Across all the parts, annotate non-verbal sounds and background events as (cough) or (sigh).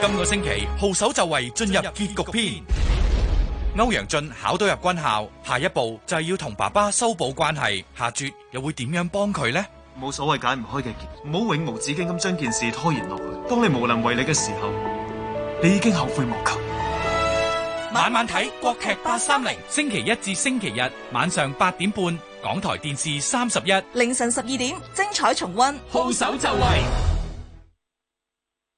今個星期，號手就位，進入結局篇。歐陽俊考到入軍校，下一步就係要同爸爸修補關係。夏絕又會點樣幫佢呢？冇所謂解唔開嘅結，唔好永無止境咁將件事拖延落去。當你無能為力嘅時候，你已經後悔莫及。晚晚睇國劇八三零，星期一至星期日晚上八點半，港台電視三十一，凌晨十二點，精彩重溫。號手就位。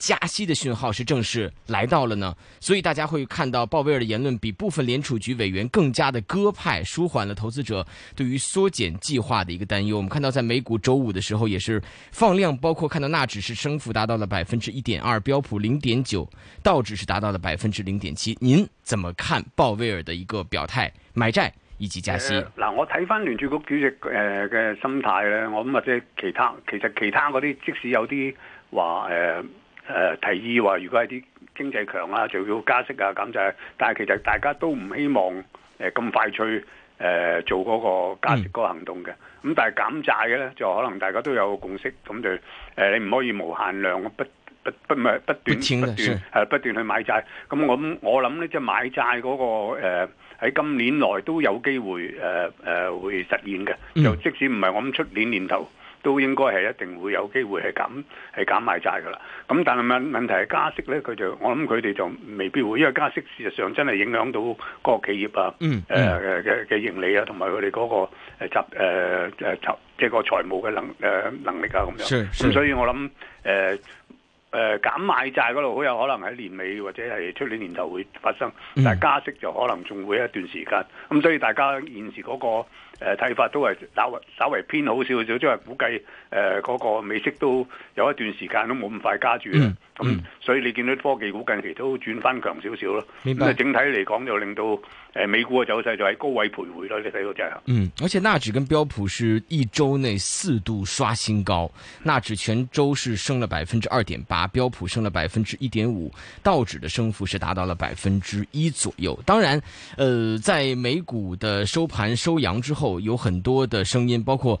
加息的訊號是正式來到了呢，所以大家會看到鮑威爾的言論比部分聯儲局委員更加的鴿派，舒緩了投資者對於縮減計劃的一個擔憂。我們看到在美股周五的時候也是放量，包括看到納指是升幅達到了百分之一點二，標普零點九，道指是達到了百分之零點七。您怎麼看鮑威爾的一個表態、買債以及加息？嗱、呃，我睇返聯儲局主席誒嘅、呃、心態呢，我們或者其他，其實其他嗰啲即使有啲話誒、呃、提議話，如果係啲經濟強啊，就要加息啊，減債、啊。但係其實大家都唔希望誒咁、呃、快脆誒、呃、做嗰個加息嗰個行動嘅。咁、嗯、但係減債嘅咧，就可能大家都有個共識。咁就誒、呃，你唔可以無限量不不不唔係不，不，不，不斷不斷誒不，不，不斷去買債。咁我我諗呢即係買債嗰、那個喺、呃、今年內都有機會誒誒、呃呃、會實現嘅。就即使唔係我諗出年年頭。都應該係一定會有機會係減係減買債㗎喇，咁、嗯、但係問問題係加息咧，佢就我諗佢哋就未必會，因為加息事實上真係影響到嗰個企業啊，誒嘅嘅盈利啊，同埋佢哋嗰個集誒誒集即係個財務嘅能誒、呃、能力啊咁樣。咁、嗯、所以我諗誒誒減買債嗰度好有可能喺年尾或者係出年年頭會發生，嗯、但係加息就可能仲會一段時間。咁、嗯、所以大家現時嗰、那個。誒睇，呃，法都係稍為稍為偏好少少，即、就、係、是、估計誒嗰，呃，那個美息都有一段時間都冇咁快加住啦。嗯嗯，所以你見到科技股近期都轉翻強少少咯，咁啊白整體嚟講又令到誒美股嘅走勢就喺高位徘徊咯，你睇到就係。嗯，而且納指跟標普是一周內四度刷新高，納指全周是升了百分之二點八，標普升了百分之一點五，道指的升幅是達到了百分之一左右。當然，呃在美股的收盤收陽之後，有很多的聲音，包括。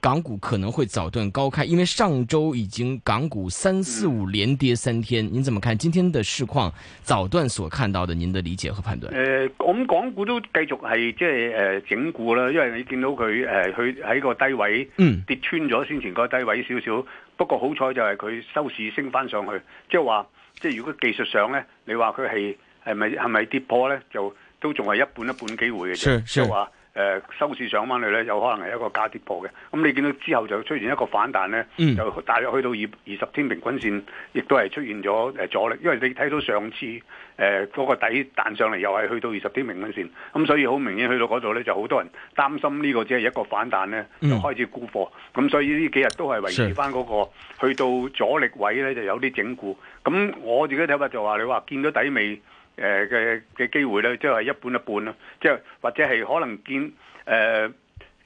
港股可能會早段高開，因為上周已經港股三四五連跌三天，您、嗯、怎麼看今天的市況？早段所看到的，您的理解和判斷？誒、呃，我咁港股都繼續係即係誒整固啦，因為你見到佢誒去喺個低位跌穿咗先前個低位少少，嗯、不過好彩就係佢收市升翻上去，即係話即係如果技術上咧，你話佢係係咪係咪跌破咧，就都仲係一半一半機會嘅啫，即係話。是誒、呃、收市上翻去咧，有可能係一個假跌破嘅。咁、嗯、你見到之後就出現一個反彈咧，就大約去到二二十天平均線，亦都係出現咗誒、呃、阻力。因為你睇到上次誒嗰、呃那個底彈上嚟，又係去到二十天平均線，咁、嗯、所以好明顯去到嗰度咧，就好多人擔心呢個只係一個反彈咧，就開始沽貨。咁、嗯嗯、所以呢幾日都係維持翻、那、嗰個的去到阻力位咧，就有啲整固。咁、嗯、我自己睇法就話，你話見到底未？誒嘅嘅機會咧，即係一半一半咯，即係或者係可能見誒、呃、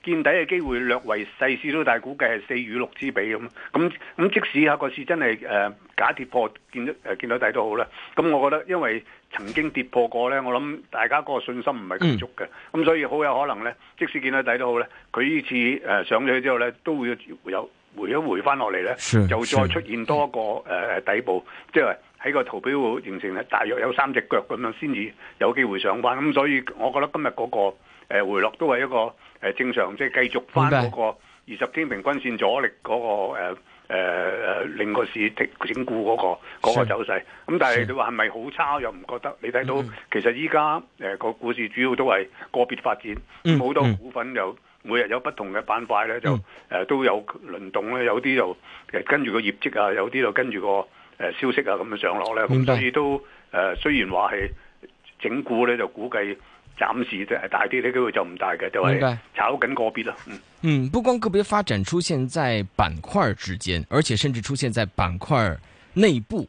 見底嘅機會略為細少啲，但係估計係四與六之比咁。咁咁即使下個市真係誒、呃、假跌破見到誒、呃、見到底都好啦。咁我覺得因為曾經跌破過咧，我諗大家個信心唔係咁足嘅，咁、嗯、所以好有可能咧，即使見到底都好咧，佢呢次誒、呃、上咗去之後咧，都會有回一回翻落嚟咧，是就再出現多一個誒誒是、呃、底部，即係。喺個圖表形成係大約有三隻腳咁樣先至有機會上翻，咁所以我覺得今日嗰、那個、呃、回落都係一個誒、呃、正常，即係繼續翻嗰個二十天平均線阻力嗰、那個誒誒令個市整固嗰、那個嗰、那個走勢。咁是但係你話係咪好差又唔覺得？你睇到其實依家誒個股市主要都係個別發展，好、嗯、多股份就、嗯、每日有不同嘅板塊咧，就誒、嗯呃、都有輪動咧，有啲就跟住個業績啊，有啲就跟住、那個。誒消息啊咁樣的上落咧，咁所以都誒雖然話係整股咧，就估計暫時誒大啲啲機會就唔大嘅，就係炒緊個別啦。嗯，不光個別發展出現在板塊之間，而且甚至出現在板塊內部。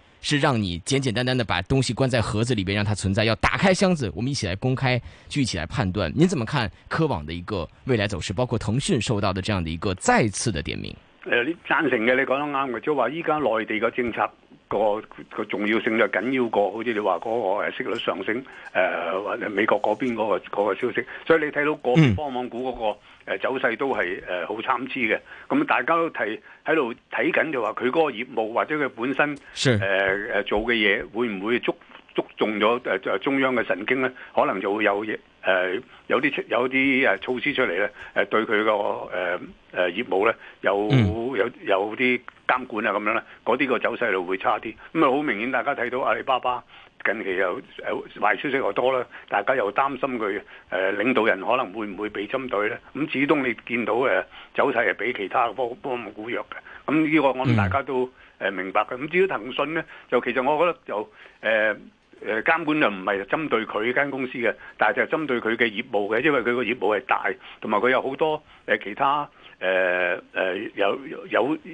是讓你簡簡單單的把東西關在盒子裏面讓它存在，要打開箱子，我們一起來公開就一起來判斷。您怎麼看科網的一個未來走勢？包括騰訊受到的這樣的一個再次的點名？誒、你，贊成嘅，你講得啱嘅，即係話依家內地個政策個個重要性就緊要過，好似你話嗰個誒息率上升，誒或者美國嗰邊嗰個個消息，所以你睇到嗰邊互聯網股嗰個。誒、啊、走勢都係誒好參差嘅，咁、嗯、大家都提喺度睇緊就話佢嗰個業務或者佢本身誒誒是、呃、做嘅嘢會唔會觸觸，觸中咗誒、呃、中央嘅神經咧？可能就會有嘢誒、呃、有啲有啲誒措施出嚟咧誒對佢個誒誒業務咧有有有啲監管啊咁樣咧，嗰啲個走勢路會差啲。咁啊好明顯，大家睇到阿里巴巴。近期又又、啊、壞消息又多啦，大家又擔心佢誒、呃、領導人可能會唔會被針對咧？咁、嗯、始終你見到誒、啊、走勢係比其他科科目股弱嘅，咁呢個我哋大家都誒明白嘅。咁至於騰訊咧，就其實我覺得就誒誒、呃、監管就唔係針對佢間公司嘅，但係就係針對佢嘅業務嘅，因為佢個業務係大，同埋佢有好多誒、呃、其他。誒誒、呃呃、有有有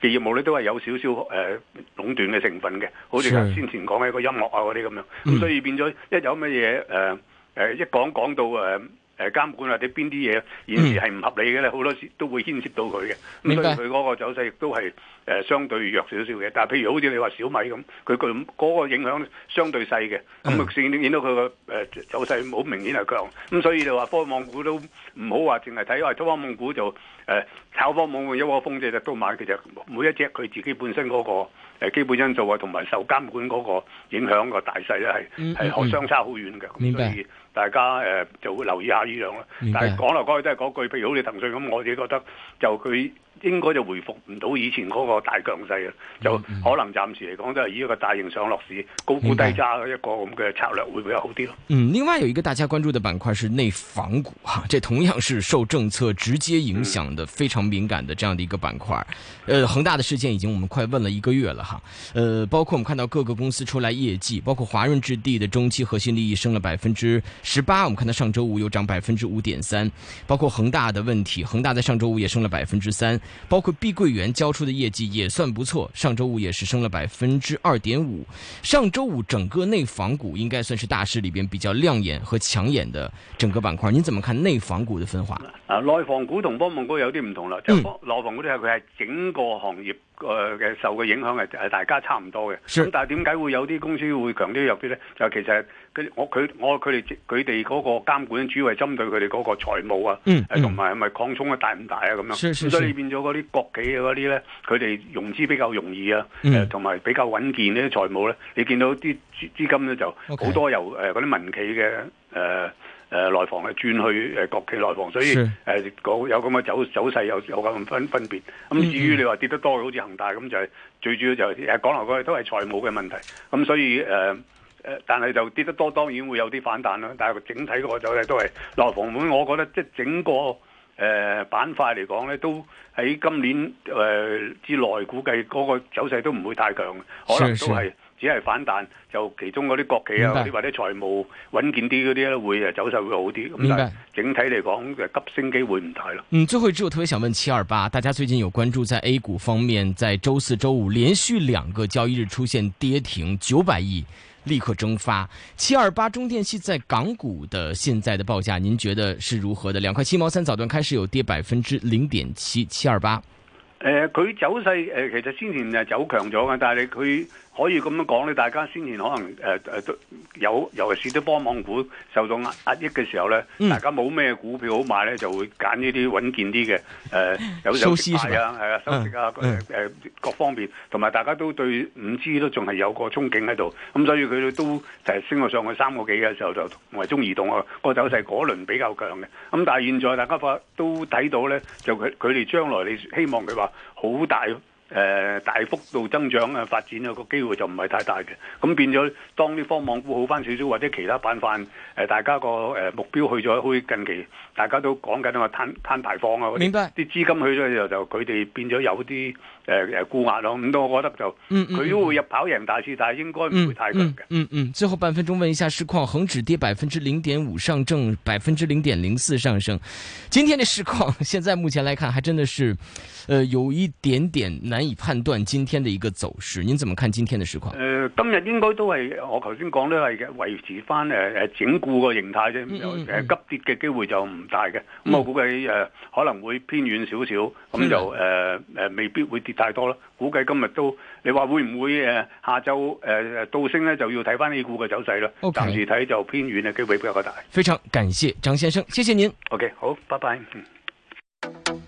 嘅業務咧，都係有少少誒壟斷嘅成分嘅，好似先前講嘅一個音樂啊嗰啲咁樣，咁的所以變咗一有乜嘢誒誒一講講到誒。呃誒監管或者邊啲嘢現時係唔合理嘅咧，好、嗯、多時都會牽涉到佢嘅。咁白所以佢嗰個走勢亦都係誒相對弱少少嘅。但係譬如好似你話小米咁，佢個個影響相對細嘅。明白、嗯。咁先見到佢個誒走勢好明顯係強。咁、嗯、所以就話科網股都唔好話淨係睇，因為科網股就誒、呃、炒科網一窩蜂隻隻都買，其實每一隻佢自己本身嗰、嗰個、呃、基本因素啊，同埋受監管嗰個影響個大細咧，係係可相差好遠嘅。明白。大家就會留意下呢樣明白但係講來講去都係嗰句，譬如好似騰訊咁，我自己覺得就佢應該就回復唔到以前嗰個大強勢嘅，嗯、就可能暫時嚟講都係以一個大型上落市高估低揸嘅一個咁嘅策略會比較好啲咯。嗯，另外有一個大家關注的板塊是內房股哈，這同樣是受政策直接影響的、嗯、非常敏感的這樣的一個板塊。呃，恒大的事件已經我們快問了一個月了哈。呃，包括我們看到各個公司出來業績，包括華潤置地的中期核心利益升了百分之。十八，我們看到上周五又漲百分之五點三，包括恒大的問題，恒大在上周五也升了百分之三，包括碧桂園交出的業績也算不錯，上周五也是升了百分之二點五。上周五整個內房股應該算是大市裏邊比較亮眼和搶眼的整個板塊，您怎麼看內房股的分化啊？內房股同波夢哥有啲唔同啦，就係內房股啲係佢係整個行業。誒嘅受嘅影響係係大家差唔多嘅，咁是但係點解會有啲公司會強啲弱啲咧？就係、其實佢我佢我佢哋佢哋嗰個監管主要係針對佢哋嗰個財務啊，誒同埋係咪擴充啊大唔大啊咁是樣，所以變咗嗰啲國企嘅嗰啲咧，佢哋融資比較容易啊，誒同埋比較穩健呢啲財務咧，你見到啲資金咧就好多由誒嗰啲民企嘅誒。呃誒內、呃、房係轉去誒、呃、國企內房，所以誒是、呃、有咁嘅走走勢有有咁分分別。咁、嗯嗯嗯、至於你話跌得多好似恒大咁，就係、是、最主要就係講嚟講去都係財務嘅問題。咁、嗯、所以誒誒、呃呃，但係就跌得多當然會有啲反彈啦。但係整體嗰個走勢都係內房股。我覺得即係整個誒板塊嚟講咧，都喺今年誒、呃、之內，估計嗰個走勢都唔會太強。可能都係。只係反彈，就其中嗰啲國企啊，或者財務穩健啲嗰啲咧，會誒走勢會好啲。明白。咁但係整體嚟講，誒急升機會唔大咯。嗯，最後一隻我特別想問七二八，大家最近有關注在 A 股方面，在週四、週五連續兩個交易日出現跌停，九百億立刻蒸發。七二八中電系在港股的現在的報價，您覺得是如何的？兩塊七毛三，早段開始有跌百分之零點七。七二八，誒佢、呃、走勢誒、呃，其實先前誒走強咗嘅，但係佢。可以咁樣講咧，大家先前可能誒誒都有，尤其是啲波網股受到壓壓抑嘅時候咧，嗯、大家冇咩股票好買咧，就會揀呢啲穩健啲嘅誒，有有賣啊，係啊，收息啊，誒各方面，同埋大家都對五 G 都仲係有個憧憬喺度，咁所以佢哋都誒升咗上去三個幾嘅時候就同埋中移動啊個走勢嗰輪比較強嘅，咁但係現在大家發都睇到咧，就佢佢哋將來你希望佢話好大。誒、呃、大幅度增長啊，發展、這個機會就唔係太大嘅。咁變咗，當啲方望股好翻少少，或者其他板塊誒，大家個誒目標去咗，去近期大家都講緊啊，碳碳排放啊，啲資白金去咗之後，就佢哋變咗有啲誒誒沽壓咯。咁、呃、我覺得就，佢都會入跑贏大市，嗯、但係應該唔會太強嘅、嗯。嗯嗯，嗯，嗯，最後半分鐘問一下市況，恒指跌百分之零點五，上證百分之零點零四上升。今天嘅市況，現在目前嚟看，還真的是、呃，有一點點難。難以判斷今天的一個走勢，您怎麼看今天的市況？呃、今日應該都係我頭先講，都係維持翻誒誒整固個形態啫、嗯嗯呃，急跌嘅機會就唔大嘅。咁、嗯、我估計誒、呃、可能會偏遠少少，咁就誒誒、嗯呃、未必會跌太多咯。估計今日都你話會唔會誒、呃、下周誒誒倒升呢？就要睇翻 A 股嘅走勢啦。Okay 暫時睇就偏遠嘅機會比較大。非常感謝張先生，謝謝您。OK，好，拜拜。嗯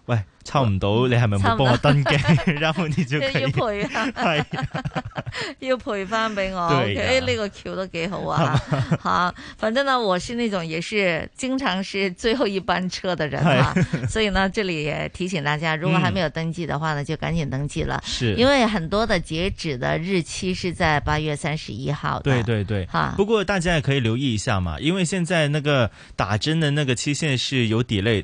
抽唔到，你係咪唔幫我登記？然後你就，要賠啊，要賠翻俾我。哎，呢個橋都幾好啊！好，反正呢，我是那種也是經常是最後一班車的人哈，所以呢，這裏也提醒大家，如果還沒有登記的話呢，就趕緊登記啦。是，因為很多的截止的日期是在八月三十一號。對對對，哈。不過大家也可以留意一下嘛，因為現在那個打針的那個期限是有 delay。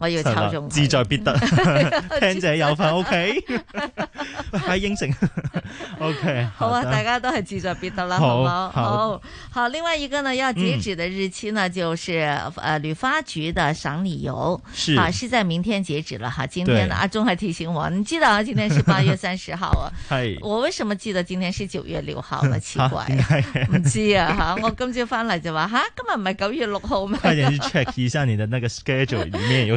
我要抽中，志在必得，聽者有份，O K，係應承，O K，好啊，大家都係志在必得啦，好冇？好，好，另外一個呢，要截止的日期呢，就是，呃旅發局的賞理由啊，是在明天截止了哈，今天呢，阿中還提醒我，你記得啊，今天是八月三十號啊，係，我為什麼記得今天是九月六號？咁奇怪唔知啊，吓，我今朝翻嚟就話，吓，今日唔係九月六號咩？快點去 check 一下你的那個 schedule 裏面有。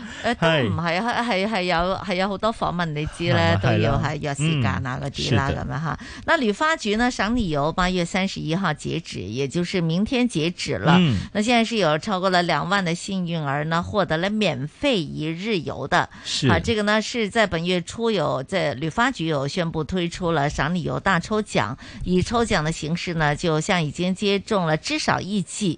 呃都唔係，係係有係有好多訪問你知咧都要係有時間啊嗰啲啦咁樣吓。那旅發局呢賞你遊八月三十一號截止，也就是明天截止了。嗯、那現在是有超過了兩萬的幸運兒呢，獲得了免費一日遊的。是啊，這個呢是在本月初有在旅發局有宣布推出了賞你遊大抽獎，以抽獎的形式呢，就向已經接種了至少一劑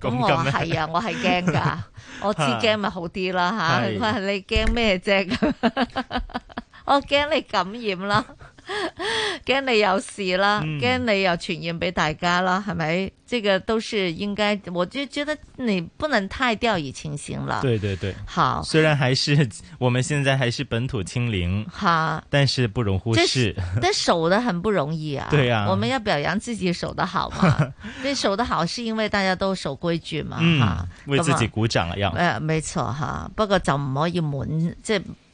咁、嗯、我話係啊，我係驚㗎， (laughs) 我知驚咪好啲啦吓？佢話你驚咩啫？ (laughs) 我驚你感染啦。驚你有事啦，驚 (laughs) 你又傳染俾大家啦，係咪、嗯？這個都是應該，我就覺得你不能太掉以輕心了，對對對，好。雖然還是我們現在還是本土清零，哈但是不容忽視。但守得很不容易啊，對呀、啊。 (laughs) 我們要表揚自己守得好嘛，因守 (laughs) 得好是因為大家都守規矩嘛，嗯、哈。為自己鼓掌一要。誒、呃，沒錯哈，不過就唔可以滿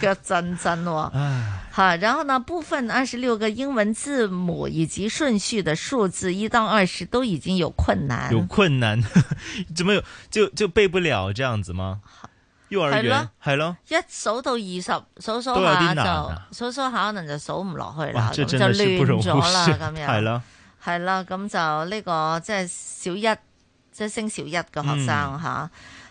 個真震咯，哦，好唉，然後呢？部分二十六個英文字母以及順序嘅數字一到二十都已經有困難，有困難， (laughs) 怎麼有就就背不了這樣子嗎？幼兒園係咯，了了一數到二十，數數、啊，下就數數下可能就數唔落去啦，咁就亂咗啦，咁樣係咯，係啦，咁就呢個即係小一，即係升小一嘅學生吓。嗯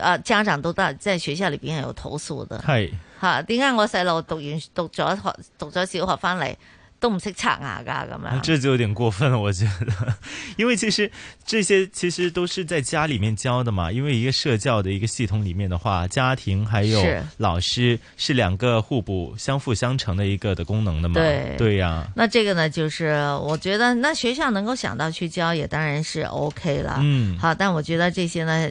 啊家長都得，在係學校裏邊有投訴的。係吓嘿，點解我細路讀完讀咗學讀咗小學翻嚟，都唔識刷牙㗎咁樣？這就有點過分啦，我覺得， (laughs) 因為其實這些其實都是在家裏面教的嘛。因為一個社教的一個系統裏面的話，家庭還有老師是兩個互補、相輔相成的一個的功能的嘛。對，對呀、啊。那這個呢，就是我覺得，那學校能夠想到去教，也當然是 OK 啦。嗯，好，但我覺得這些呢。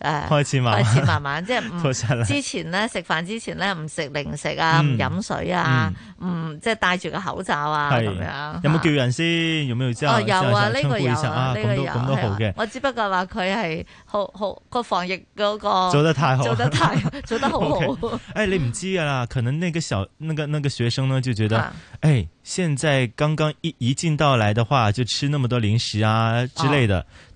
誒，開始慢慢，開始慢慢，即係唔之前咧食飯之前咧唔食零食啊，唔飲水啊，唔即係戴住個口罩啊咁樣。有冇叫人先？用唔用？哦，有啊，呢個有啊，呢個有，咁都好嘅。我只不過話佢係好好個防疫嗰個做得太好，做得太做得好好。誒，你唔知啦，可能呢個小那個那個學生呢，就覺得，誒，現在剛剛一一進到來嘅話，就吃那麼多零食啊之類的。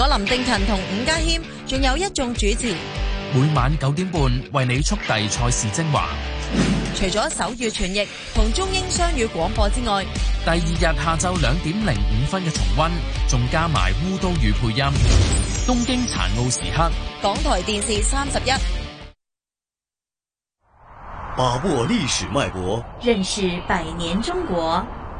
我林定勤同伍家謙，仲有一眾主持，每晚九點半為你速遞賽事精華。除咗手語傳譯同中英雙語廣播之外，第二日下晝兩點零五分嘅重温，仲加埋烏都語配音《東京殘奧時刻》。港台電視三十一，把握歷史脈搏，認識百年中國。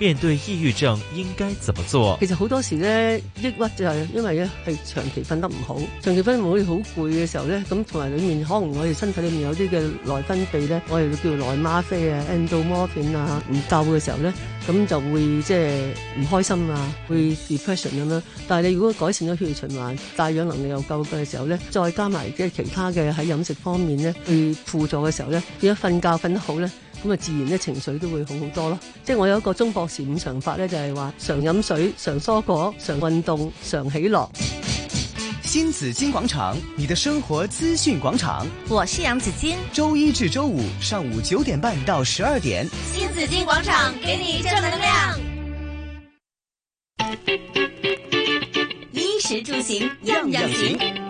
面對抑鬱症應該怎麼做？其實好多時呢，抑鬱就係因為咧係長期瞓得唔好，長期瞓唔好，好攰嘅時候咧，咁同埋裏面可能我哋身體裏面有啲嘅內分泌咧，我哋叫內嗎啡啊、endomorphin 啊，唔夠嘅時候咧，咁就會即係唔開心啊，會 depression 咁樣。但係你如果改善咗血液循環、帶氧能力又夠嘅時候咧，再加埋即係其他嘅喺飲食方面咧去輔助嘅時候咧，如果瞓覺瞓得好咧。咁啊，自然咧情緒都會好好多咯。即係我有一個中國事五常法咧，就係話常飲水、常蔬果、常運動、常喜樂」。「新紫荊廣場，你的生活資訊廣場。我是楊子矜。周一至周五上午九點半到十二點。新紫荊廣場，給你正能量。衣食住行，樣樣行。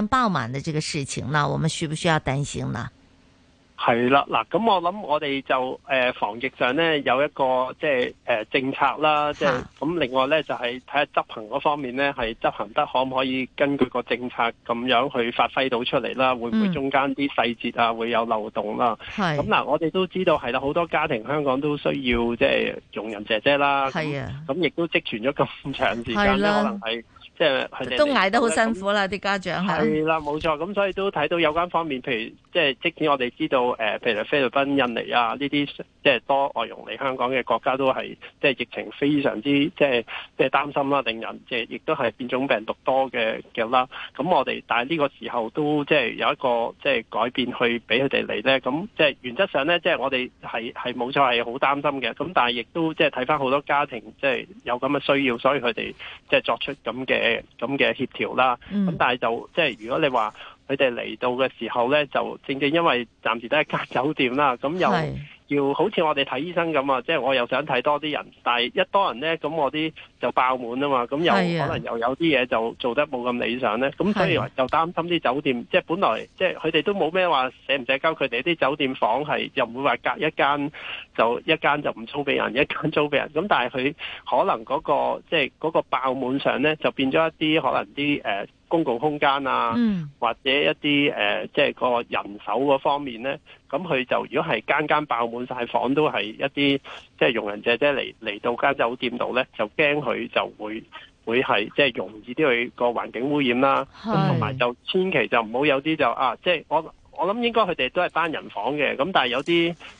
爆滿嘅這個事情呢，呢我們需不需要擔心呢？係啦，嗱，咁我諗我哋就誒防疫上呢，有一個即係誒政策啦，即係咁另外呢，就係睇下執行嗰方面呢，係執行得可唔可以根據個政策咁樣去發揮到出嚟啦？會唔會中間啲細節啊、嗯、會有漏洞啦？咁嗱的、啊，我哋都知道係啦，好多家庭在香港都需要即係傭人姐姐啦，咁咁亦都積存咗咁長時間咧，的可能係。即係都捱得好辛苦啦，啲家長係。係啦，冇錯。咁所以都睇到有關方面，譬如即係即使我哋知道誒，譬如菲律賓、印尼啊呢啲，即係多外傭嚟香港嘅國家，都係即係疫情非常之即係即係擔心啦，令人即係亦都係變種病毒多嘅嘅啦。咁我哋但係呢個時候都即係有一個即係改變去俾佢哋嚟咧。咁即係原則上咧，即係我哋係係冇錯係好擔心嘅。咁但係亦都即係睇翻好多家庭即係有咁嘅需要，所以佢哋即係作出咁嘅。咁嘅協調啦，咁、嗯、但係就即係、就是、如果你話佢哋嚟到嘅時候咧，就正正因為暫時都係隔酒店啦，咁又。要好似我哋睇醫生咁啊，即係我又想睇多啲人，但係一多人呢，咁我啲就爆滿啊嘛，咁又是的 可能又有啲嘢就做得冇咁理想呢。咁所以就擔心啲酒店，是的 即係本來即係佢哋都冇咩話捨唔捨得交，佢哋啲酒店房係又唔會話隔一間就一間就唔租俾人，一間租俾人，咁但係佢可能嗰個即係嗰個爆滿上呢，就變咗一啲可能啲誒。呃公共空間啊，嗯、或者一啲誒，即、呃、係、就是、個人手嗰方面咧，咁佢就如果係間間爆滿晒房，都係一啲即係容人姐姐嚟嚟到間酒店度咧，就驚佢就會會係即係容易啲去個環境污染啦，咁同埋就千祈就唔好有啲就啊，即、就、係、是、我。我諗應該佢哋都係單人房嘅，咁但係有啲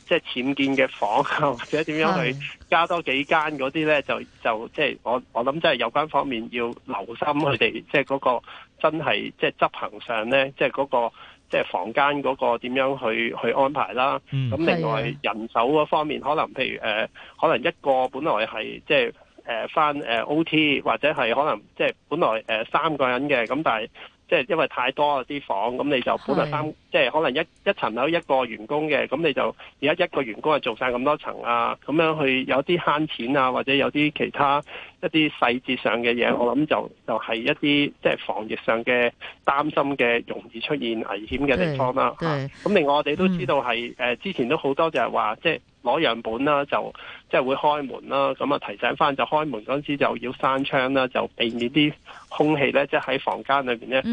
即係僭建嘅房或者點樣去加多幾間嗰啲咧，就就即係我我諗即係有關方面要留心佢哋，即係嗰個真係即係執行上咧，即係嗰個即係、就是、房間嗰個點樣去去安排啦。咁的另外人手嗰方面，可能譬如誒、呃，可能一個本來係即係誒返誒 OT 或者係可能即係、就是、本來誒、呃、三個人嘅，咁但係。即係因為太多啲房，咁你就本來三，是即係可能一一層樓一個員工嘅，咁你就而家一個員工就做晒咁多層啊，咁樣去有啲慳錢啊，或者有啲其他。一啲細節上嘅嘢，嗯、我諗就就係一啲即係防疫上嘅擔心嘅，容易出現危險嘅地方啦。咁另外我哋都知道係、嗯、之前都好多就係話即係攞樣本啦，就即、是、係會開門啦，咁啊提醒翻就開門嗰時就要閂窗啦，就避免啲空氣咧即係喺房間裏面咧，即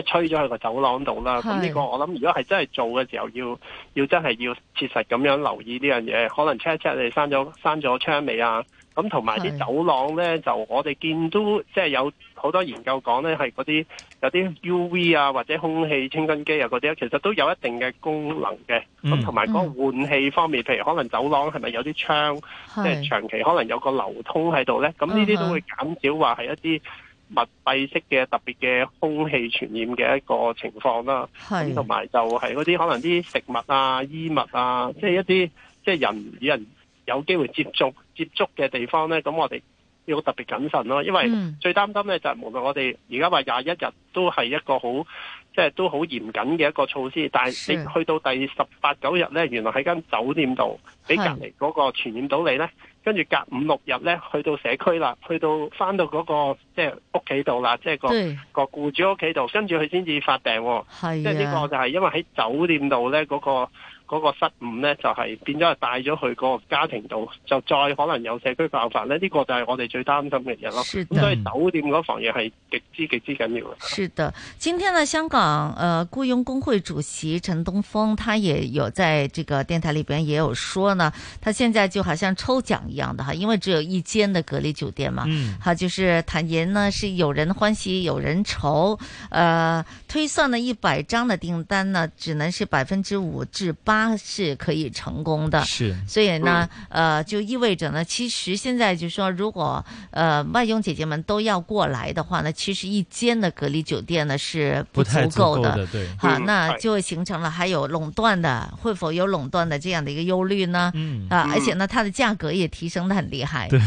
係、嗯、吹咗去個走廊度啦。咁呢是個我諗如果係真係做嘅時候，要要真係要切實咁樣留意呢樣嘢，可能 check 一 check 你閂咗閂咗窗未啊？咁同埋啲走廊咧，就我哋見到即係有好多研究講咧，係嗰啲有啲 UV 啊，或者空氣清新機啊嗰啲，其實都有一定嘅功能嘅。咁同埋嗰個換氣方面，譬如可能走廊係咪有啲窗，即係長期可能有個流通喺度咧？咁呢啲都會減少話係一啲密閉式嘅特別嘅空氣傳染嘅一個情況啦。咁同埋就係嗰啲可能啲食物啊、衣物啊，即係一啲即係人與人有機會接觸。接觸嘅地方呢，咁我哋要特別謹慎咯。因為最擔心呢、就係，就係、嗯，無論我哋而家話廿一日都係一個好，即、就、係、係、都好嚴謹嘅一個措施。是但係你去到第十八九日呢，原來喺間酒店度俾隔離嗰個傳染到你呢，跟住是隔五六日呢，去到社區啦，去到翻到嗰、嗰個即係屋企度啦，即、就、係、係就係嗰個個是僱主屋企度，跟住佢先至發病。喎、啊，即係呢個就係因為喺酒店度呢，嗰個。嗰個失誤呢，就係、是、變咗係帶咗去個家庭度，就再可能有社區爆發呢。呢、這個就係我哋最擔心嘅嘢咯。的所以酒店嗰房嘢係極之極之緊要嘅。是的，今天呢，香港誒僱傭工會主席陳東峰，他也有在這個電台裏邊也有說呢，他現在就好像抽獎一樣的哈，因為只有一間的隔離酒店嘛。嗯，哈，就是坦言呢，是有人歡喜有人愁。誒、呃，推算呢一百張的訂單呢，只能是百分之五至八。他是可以成功的，是，所以呢，呃，就意味着呢，其實現在就說，如果呃外傭姐姐們都要過來的話呢，其實一間的隔離酒店呢是不足夠的，對，好，那就形成了還有壟斷的，會否有壟斷的這樣的一個憂慮呢？嗯，啊，而且呢，它的價格也提升得很厲害，對，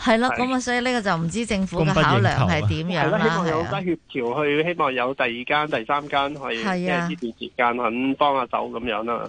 係咯，咁啊，所以呢個就唔知政府嘅考量係點樣啦，希望有得協調去，希望有第二間、第三間可以。係呢段時間肯幫下手咁樣啦，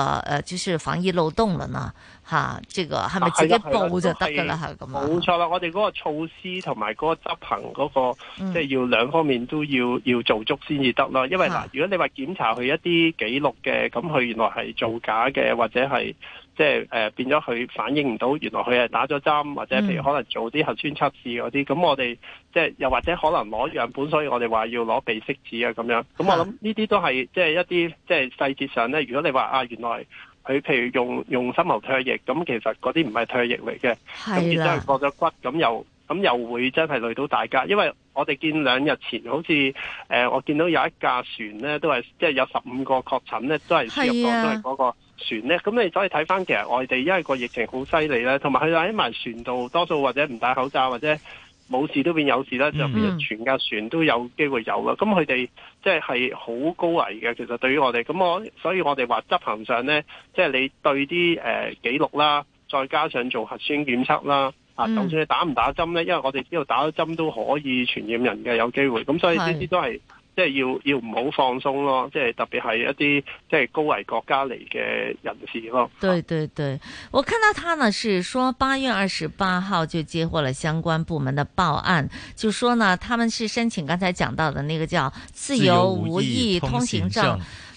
誒誒、呃，就是防疫漏洞啦，吓，這個係咪自己報就得噶啦？係咁啊，冇錯啦，我哋嗰個措施同埋嗰個執行嗰、那個，即係、嗯、要兩方面都要要做足先至得囉。因為嗱，嗯、如果你話檢查佢一啲記錄嘅，咁佢原來係造假嘅，嗯、或者係。即係誒變咗佢反應唔到，原來佢係打咗針或者譬如可能做啲核酸測試嗰啲，咁、嗯、我哋即係又或者可能攞樣本，所以我哋話要攞鼻拭子啊咁樣。咁我諗呢啲都係即係一啲即係細節上咧。如果你話啊，原來佢譬如用用心喉深喉唾液，咁其實嗰啲唔係唾液嚟嘅，咁然之後過咗骨，咁又咁又會真係累到大家。因為我哋見兩日前好似、呃、我見到有一架船咧，都係即係有十五個確診咧，都係輸入個是的 都係嗰、那個。船咧，咁你所以睇翻，其實外地因為個疫情好犀利呢，同埋佢喺埋船度，多數或者唔戴口罩或者冇事都變有事啦，就變全架船都有機會有啦。咁佢哋即係係好高危嘅，其實對於我哋咁我，所以我哋話執行上咧，即係你對啲誒記錄啦，再加上做核酸檢測啦，啊，就算你打唔打針咧，因為我哋知道打咗針都可以傳染人嘅，有機會，咁所以呢啲都係。即係要要唔好放鬆咯，即係特別係一啲即係高危國家嚟嘅人士咯。對對對，我看到他呢是說八月二十八號就接獲了相關部門的報案，就說呢他們是申請剛才講到的那個叫自由無義通行證。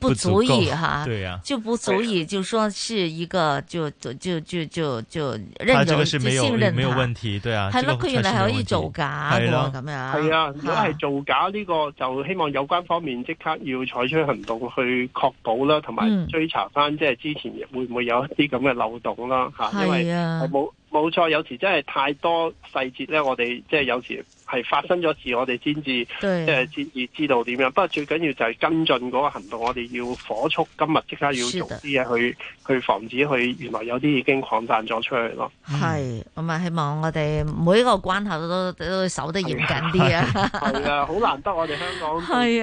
不足以哈，就不足以就說是一個就就就就就任由信任他。他這個是沒有沒有問題，對啊，這個確實係。佢原來係可以造假，係咯咁樣。係啊，如果係造假呢個，就希望有關方面即刻要採取行動去確保啦，同埋追查翻即係之前會唔會有一啲咁嘅漏洞啦吓。係啊，係冇冇錯，有時真係太多細節咧，我哋即係有時。係發生咗事，我哋先至即係先至知道點樣。不過、啊、最緊要就係跟進嗰個行動，我哋要火速，今日即刻要做啲嘢去的去防止，佢原來有啲已經擴散咗出去咯。係，咁啊，希望我哋每一個關口都都守得嚴謹啲啊！係啊，好 (laughs) 難得我哋香港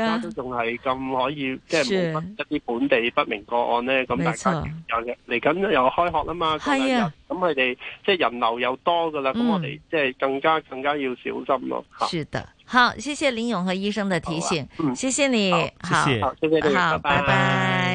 啊，都仲係咁可以，即係冇乜一啲本地不明個案咧。咁錯大家有嘅嚟緊又開學啦嘛！係啊。咁佢哋即係人流又多噶啦，咁我哋即係更加、嗯、更加要小心咯。是的，好，謝謝林勇和醫生的提醒。嗯、啊，謝謝你，好，謝謝你，好，好，拜拜。拜拜，拜拜。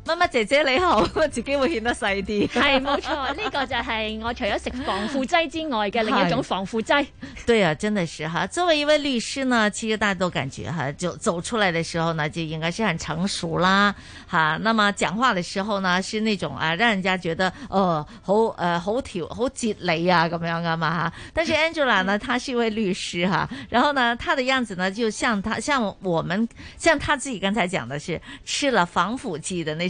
媽媽姐姐你好，我自己會顯得細啲，係冇錯，呢 (laughs) 個就係我除咗食防腐劑之外嘅另一種防腐劑。對啊，真的是哈，作為一位律師呢，其實大家都感覺哈，就走出來的時候呢，就應該是很成熟啦，哈、啊。那麼講話的時候呢，是那種啊，讓人家覺得哦，好誒、呃，好條好哲理啊，咁樣㗎嘛，哈、啊。但是 Angela 呢，她是一位律師哈，嗯、然後呢，她的樣子呢，就像她，像我們，像她自己剛才講的是，是吃了防腐劑的那。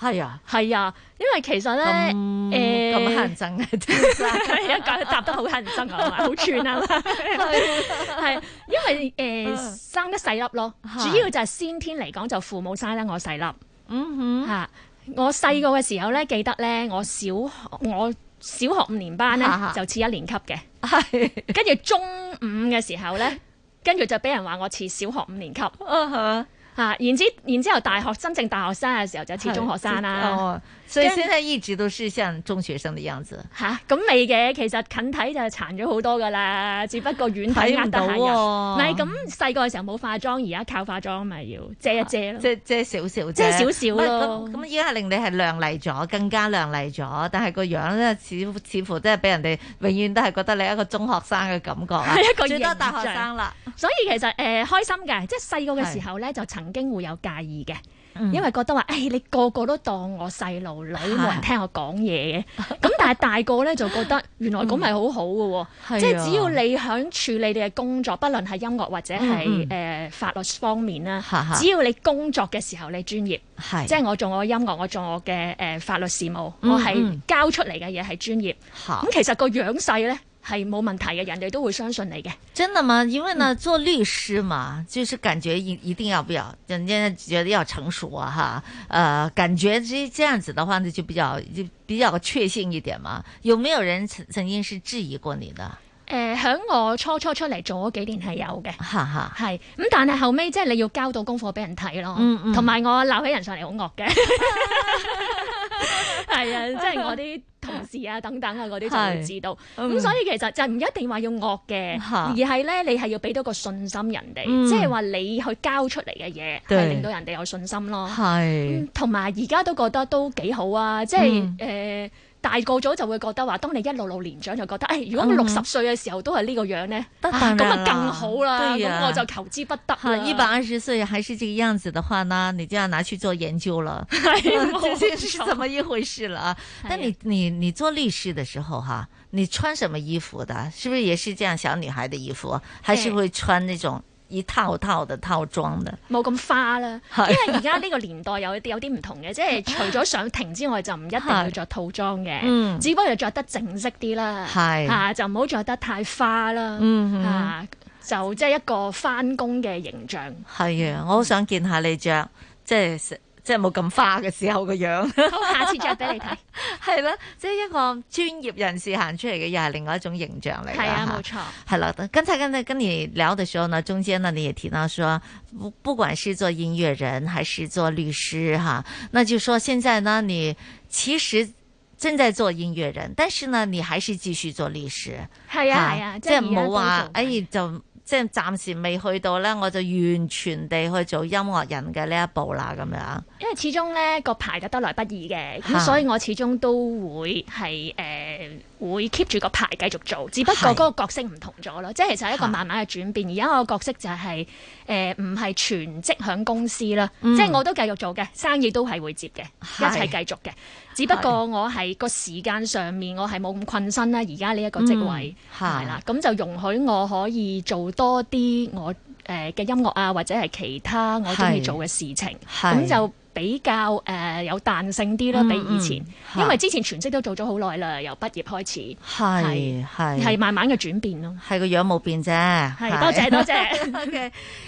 係啊，係啊，因為其實咧，誒、咁乞人憎嘅，佢、欸、 (laughs) 一講答得好乞人憎啊，好串 (laughs) 啊，係、 (laughs) 啊，因為誒生、呃、得細粒咯，主要就係先天嚟講，就父母生得我細粒，嗯哼，嚇，我細個嘅時候咧，記得咧，我小我小，我小學五年班咧，就似一年級嘅，係 (laughs) 是、啊， (laughs) 跟住中五嘅時候咧，跟住就俾人話我似小學五年級， (laughs) 啊！然之，然之後大學真正大學生嘅時候，就似中學生啦。所以現在一直都是像中學生的樣子吓，咁未嘅，其實近睇就殘咗好多噶啦，只不過遠睇壓得下。睇唔到喎，唔係咁細個嘅時候冇化妝，而家靠化妝咪要遮一遮咯，遮遮少少啫，遮少少咯。咁依家係令你係亮麗咗，更加亮麗咗，但係個樣咧似似乎都係俾人哋永遠都係覺得你一個中學生嘅感覺啦，係一個最多大學生啦。所以其實誒、呃、開心嘅，即係細個嘅時候咧是就曾經會有介意嘅。嗯、因為覺得話，誒、哎，你個個都當我細路女，冇是的 人聽我講嘢嘅，咁 (laughs) 但係大個咧就覺得原來咁係好好嘅，嗯、即係只要你響處理你嘅工作，不論係音樂或者係誒、嗯嗯呃、法律方面啦，只要你工作嘅時候你專業，哈哈即係我做我嘅音樂，我做我嘅誒、呃、法律事務，我係交出嚟嘅嘢係專業，咁、嗯嗯、其實個樣勢咧。係冇問題嘅，人哋都會相信你嘅。真的嗎？因為呢，做律師嘛，嗯、就是感覺一一定要不要人家覺得要成熟啊，吓，呃，感覺這這樣子的話呢，就比較就比較確信一點嘛。有沒有人曾曾經是質疑過你的？誒、呃，喺我初初出嚟做嗰幾年係有嘅，吓吓哈，係咁、嗯，但係後尾即係你要交到功課俾人睇咯，嗯嗯，同埋我鬧起人上嚟好惡嘅，係啊，即係我啲、嗯。事啊、等等啊嗰啲就會知道，咁是、嗯、所以其實就唔一定話要惡嘅，啊、而係咧你係要俾到個信心人哋，即係話你去交出嚟嘅嘢係令到人哋有信心咯。係對，同埋而家都覺得都幾好啊，即係誒。嗯呃大過咗就會覺得話，當你一路路年長就覺得，誒、哎，如果六十歲嘅時候都係呢個樣咧，咁、嗯、啊更好啦，咁呀我就求之不得啦。一百二十歲還是這個樣子的話呢，你就要拿去做研究了。 (laughs) (laughs) 這是怎麼一回事了？哎、但你你你做律師的時候哈，的你穿什麼衣服的？是不是也是這樣小女孩的衣服？還是會穿那種？一套套嘅套裝嘅，冇咁花啦，因為而家呢個年代有啲有啲唔同嘅。 (laughs) 即係除咗上庭之外，就唔一定要着套裝嘅，是只不過要着得正式啲啦，嚇是、啊、就唔好着得太花啦，嚇、嗯哼啊、就即係一個返工嘅形象。係啊，我好想見下你着。即係。即係冇咁花嘅時候嘅樣， (laughs) 下次再俾你睇。係啦， (laughs) 即、就、係、是、一個專業人士行出嚟嘅，又係另外一種形象嚟。係啊，冇錯。係啦、啊，剛才剛才跟你聊的時候呢，中間呢你也提到說，不不管是做音樂人還是做律師哈、啊，那就說現在呢，你其實正在做音樂人，但是呢，你還是繼續做律師。係啊係啊，即係冇話啊，哎就。即係暫時未去到呢，我就完全地去做音樂人嘅呢一步啦，咁樣。因為始終呢個牌嘅得來不易嘅，咁哈所以我始終都會係，誒。會 keep 住個牌繼續做，只不過嗰個角色唔同咗咯。是即係其實係一個慢慢嘅轉變。而家是我嘅角色就係誒唔係全職喺公司啦，嗯、即係我都繼續做嘅生意，都係會接嘅，是一切繼續嘅。只不過我係個時間上面，我係冇咁困身啦。而家呢一個職位係是啦，咁就容許我可以做多啲我嘅音樂啊，或者係其他我中意做嘅事情，咁就。比較誒有彈性啲啦，比以前，嗯嗯、因為之前全職都做咗好耐啦，由畢業開始，係係係慢慢嘅轉變咯，係個樣冇變啫，係多謝多謝。Ok。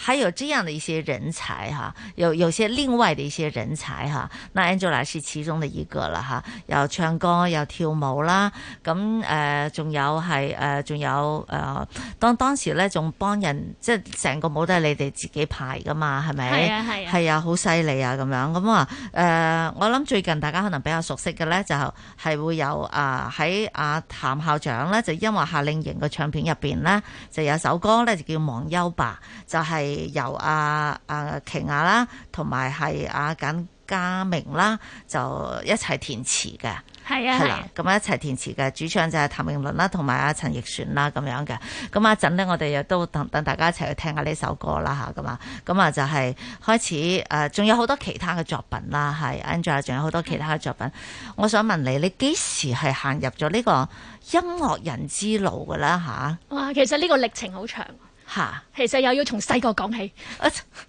還有這樣的一些人才吓，有有些另外的一些人才吓，那 Angela 是其中的一個了吓，又唱歌又跳舞啦，咁誒仲有係誒仲有誒當當時咧仲幫人即係成個舞都係你哋自己排噶嘛係咪？係啊係。啊係啊，好犀利啊咁樣咁啊，誒、啊啊呃、我諗最近大家可能比較熟悉嘅咧就係會有啊喺啊譚校長咧就音樂夏令營嘅唱片入邊咧就有首歌咧就叫忘憂吧，就係、是。由阿阿琦雅啦，同埋係阿簡嘉明啦，就一齊填詞嘅。係啊，係啦，咁啊一齊填詞嘅主唱就係譚詠麟啦，同埋阿陳奕迅啦咁樣嘅。咁阿陣咧，我哋又都等等大家一齊去聽下呢首歌啦吓，咁啊，咁啊就係、是、開始誒，仲、啊、有好多其他嘅作品啦，係 Angela 仲有好多其他嘅作品。嗯、我想問你，你幾時係行入咗呢個音樂人之路噶啦吓？啊、哇，其實呢個歷程好長。吓，其實又要從細個講起。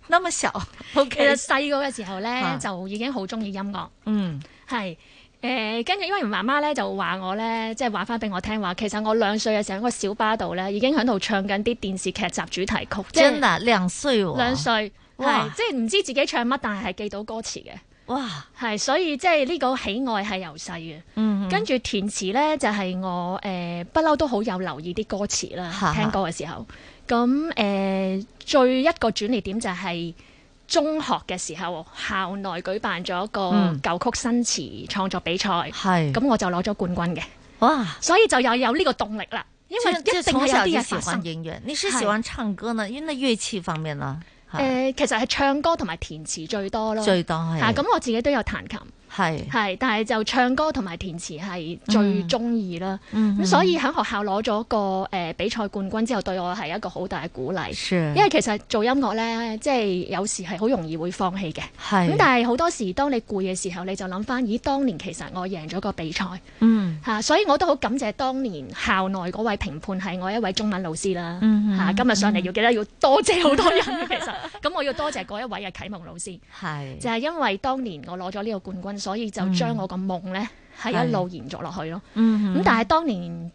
嗱， (laughs) 咁、okay、嘅時候，其實細個嘅時候咧，就已經好中意音樂。嗯，係。誒，跟住因為媽媽咧就話我咧，即係話翻俾我聽話，其實我兩歲嘅時候喺個小巴度咧，已經喺度唱緊啲電視劇集主題曲。真㗎的，兩歲喎，兩歲，哇係即係唔知自己唱乜，但係係記到歌詞嘅。哇，係所以即係呢個喜愛係由細嘅，嗯、哼跟住填詞呢，就係、是、我誒不嬲都好有留意啲歌詞啦。哈哈聽歌嘅時候，咁、嗯、誒、呃、最一個轉捩點就係中學嘅時候，校內舉辦咗一個舊曲新詞創作比賽，咁我就攞咗冠軍嘅。哇！所以就又有呢個動力啦，因為一定係有啲嘅時光。你喜唔喜歡唱歌呢？是因為樂器方面呢？誒其實係唱歌同埋填詞最多咯，最多係吓。咁我自己都有彈琴。係，係，但係就唱歌同埋填詞係最中意啦。咁、嗯嗯、所以喺學校攞咗個誒、呃、比賽冠軍之後，對我係一個好大嘅鼓勵。是因為其實做音樂咧，即係有時係好容易會放棄嘅。咁是但係好多時候，當你攰嘅時候，你就諗翻，咦？當年其實我贏咗個比賽。嚇、嗯啊，所以我都好感謝當年校內嗰位評判係我一位中文老師啦。嚇、嗯嗯啊，今日上嚟要記得要多謝好多人 (laughs) 其實，咁我要多謝嗰一位嘅啟蒙老師。係是，就係因為當年我攞咗呢個冠軍。所以就將我個夢呢，係、嗯、一路延續落去咯。咁、嗯、但係當年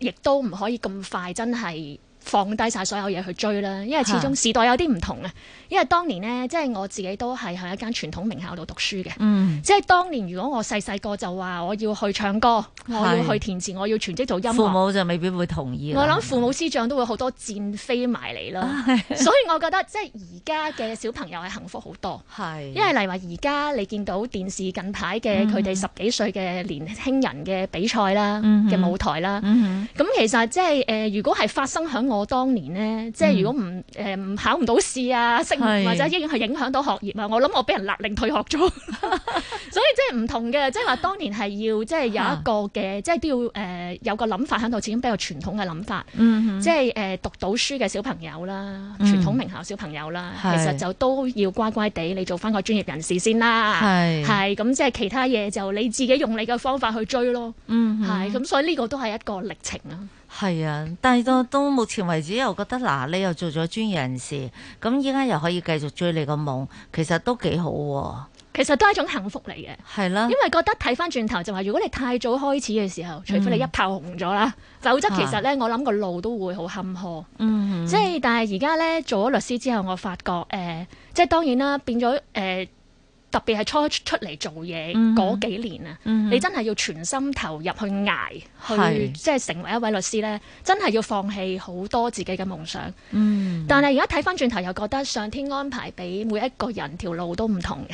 亦都唔可以咁快，真係放低晒所有嘢去追啦，因為始終時代有啲唔同啊。是因為當年咧，即係我自己都係喺一間傳統名校度讀書嘅。嗯、即係當年，如果我細細個就話我要去唱歌，是我要去填詞，我要全職做音樂，父母就未必會同意。我諗父母師長都會好多箭飛埋嚟啦，是所以我覺得即係而家嘅小朋友係幸福好多，是因為例如話而家你見到電視近排嘅佢哋十幾歲嘅年輕人嘅比賽啦嘅舞台啦，咁、嗯、哼其實即係誒、呃、如果係發生響我。我當年咧，即係如果唔誒唔考唔到試啊，識唔或者一樣係影響到學業啊。是 我諗我俾人勒令退學咗， (laughs) (laughs) 所以即係唔同嘅，即係話當年係要即係有一個嘅，啊、即係都要誒、呃、有個諗法喺度，始終比較傳統嘅諗法，嗯、哼 即係誒、呃、讀到書嘅小朋友啦，傳統名校的小朋友啦，嗯、其實就都要乖乖地你做翻個專業人士先啦，係咁是 即係其他嘢就你自己用你嘅方法去追咯，係咁、嗯、哼 所以呢個都係一個歷程啊。係啊，但係到到目前為止，又覺得嗱，啊，你又做咗專業人士，咁依家又可以繼續追你個夢，其實都幾好喎，啊。其實都係一種幸福嚟嘅。係啦，因為覺得睇翻轉頭就話，如果你太早開始嘅時候，除非你一炮紅咗啦，否、嗯、則其實呢，啊、我諗個路都會好坎坷。嗯，嗯，即係但係而家呢，做咗律師之後，我發覺誒、呃，即係當然啦，變咗誒。呃特別係初出嚟做嘢嗰幾年啊，嗯嗯、你真係要全心投入去捱，是去即係成為一位律師咧，真係要放棄好多自己嘅夢想。嗯、但係而家睇翻轉頭又覺得上天安排俾每一個人條路都唔同嘅。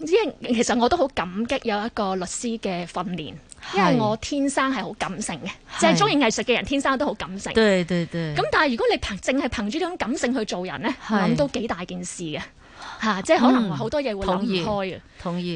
即係、嗯、其實我都好感激有一個律師嘅訓練，是因為我天生係好感性嘅，是即係中意藝術嘅人天生都好感性。對對對，咁但係如果你憑淨係憑住呢種感性去做人咧，諗都幾大件事嘅。嚇、啊！即係可能好多、嗯就是、好多嘢會諗唔開啊！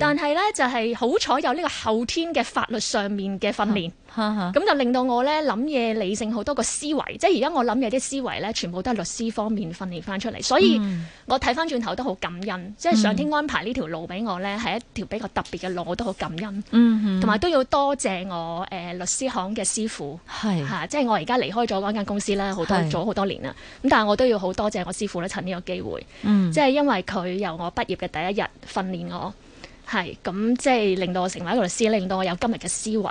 但係呢就係好彩有呢個後天嘅法律上面嘅訓練。嗯咁 (music) 就令到我咧諗嘢理性好多個思維，即係而家我諗嘢啲思維咧，全部都係律師方面訓練翻出嚟。所以，我睇翻轉頭都好感恩，mm. 即係上天安排呢條路俾我咧，係一條比較特別嘅路，我都好感恩。同埋、mm hmm. 都要多謝我、呃、律師行嘅師傅是、啊。即係我而家離開咗嗰間公司呢，好多咗好多年啦。咁但係我都要好多謝我師傅咧，趁呢個機會。Mm. 即係因為佢由我畢業嘅第一日訓練我。係咁，即係令到我成為一個律師，令到我有今日嘅思維，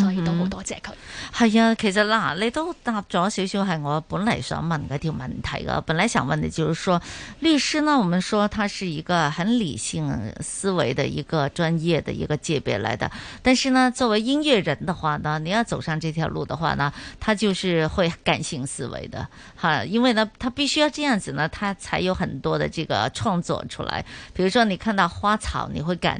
所以都好多謝佢。係啊、嗯嗯，其實嗱，你都答咗少少，係我本來想問嘅條問題啊。本來想問的就是說，律師呢，我們說他是一個很理性思維的一個專業的一個界別來的，但是呢，作為音樂人的話呢，你要走上這條路的話呢，他就是會感性思維的，哈，因為呢，他必須要這樣子呢，他才有很多的這個創作出來。比如說你看到花草，你會感。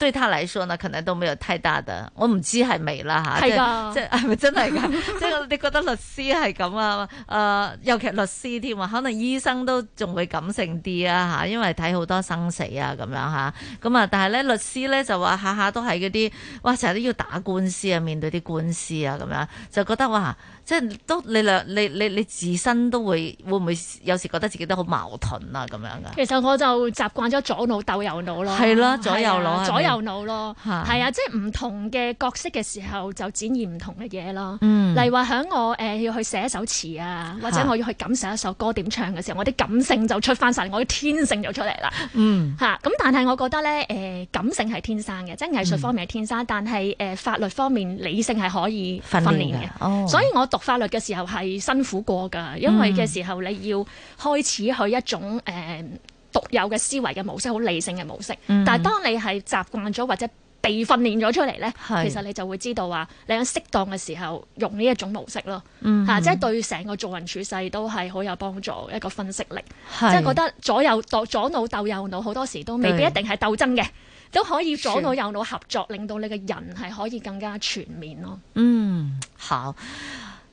對他來說呢，可能都沒有太大的，我唔知係未啦吓。係噶，即係係咪真係噶？ (laughs) 即係你覺得律師係咁啊？誒、呃，尤其律師添啊，可能醫生都仲會感性啲啊吓，因為睇好多生死啊咁樣吓。咁啊，但係咧律師咧就話下下都係嗰啲，哇成日都要打官司啊，面對啲官司啊咁樣，就覺得哇。即係都你兩你你你自身都會會唔會有時覺得自己都好矛盾啊咁樣㗎？其實我就習慣咗左腦鬥右腦咯。係啦、啊，左右腦係唔係、啊。左右腦咯，係啊，啊，即係唔同嘅角色嘅時候就展現唔同嘅嘢咯。嗯、例如話響我誒、呃、要去寫一首詞啊，或者我要去感受一首歌點唱嘅時候，啊、我啲感性就出翻曬，我啲天性就出嚟啦。嗯，咁， (laughs) 但係我覺得咧誒、呃，感性係天生嘅，即係藝術方面係天生，嗯、但係誒、呃、法律方面理性係可以訓練嘅。練哦、所以我讀法律嘅時候係辛苦過噶，因為嘅時候你要開始去一種誒獨、嗯嗯嗯、有嘅思維嘅模式，好理性嘅模式。但係當你係習慣咗或者被訓練咗出嚟呢，是的 其實你就會知道話，你喺適當嘅時候用呢一種模式咯。吓，嗯嗯嗯、即係對成個做人處世都係好有幫助，一個分析力，是的 即係覺得左右鬥左腦鬥右腦，好多時都未必一定係鬥爭嘅，對 都可以左腦右腦合作，全 令到你嘅人係可以更加全面咯。嗯，好。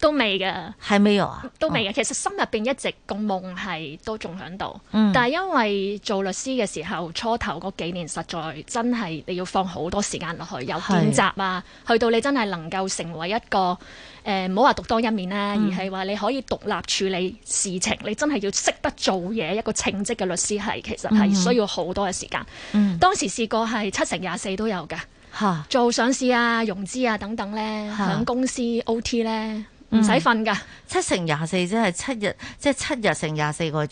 都未嘅，係未有啊？都未嘅，其實心入邊一直個夢係都仲喺度，嗯、但係因為做律師嘅時候初頭嗰幾年，實在真係你要放好多時間落去，有見習啊，的去到你真係能夠成為一個誒，唔好話獨當一面啦，嗯、而係話你可以獨立處理事情，你真係要識得做嘢。一個稱職嘅律師係其實係需要好多嘅時間。嗯嗯、當時試過係七成廿四都有嘅，哈做上市啊、融資啊等等呢，響哈公司 O T 呢。唔使瞓噶，七成廿四即係七日，即係七日成廿四個鐘，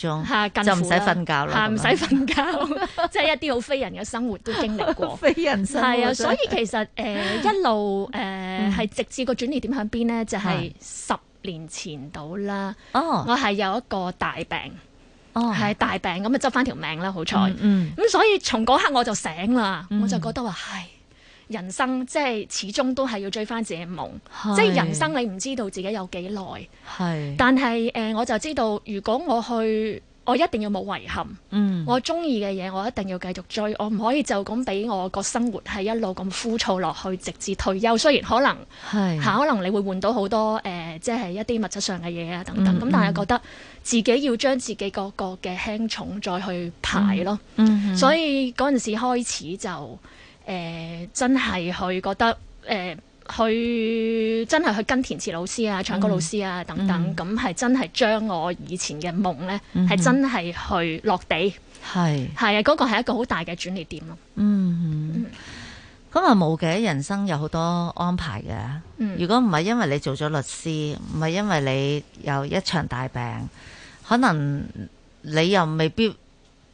就唔使瞓覺啦，唔使瞓覺， (laughs) 即係一啲好非人嘅生活都經歷過， (laughs) 非人生係啊，所以其實誒、呃、一路誒係直至個轉捩點喺邊呢？就係、是、十年前到啦。哦是，我係有一個大病，哦係大病咁啊，執翻條命啦，好彩、嗯。嗯，咁所以從嗰刻我就醒啦，我就覺得話係。嗯人生即係始終都係要追翻自己嘅夢，是即係人生你唔知道自己有幾耐。是但係誒、呃、我就知道，如果我去，我一定要冇遺憾。嗯、我中意嘅嘢，我一定要繼續追，我唔可以就咁俾我個生活係一路咁枯燥落去，直至退休。雖然可能是可能你會換到好多誒、呃，即係一啲物質上嘅嘢啊等等。咁、嗯，嗯、但係覺得自己要將自己個個嘅輕重再去排咯。嗯嗯嗯、所以嗰陣時開始就。誒、呃、真係去覺得誒去、呃、真係去跟填詞老師啊、唱歌老師啊、嗯、等等，咁係、嗯、真係將我以前嘅夢呢，係、嗯、哼真係去落地。係係啊，嗰、那個係一個好大嘅轉捩點咯。嗯哼，咁啊冇嘅，無人生有好多安排嘅。嗯、如果唔係因為你做咗律師，唔係因為你有一場大病，可能你又未必。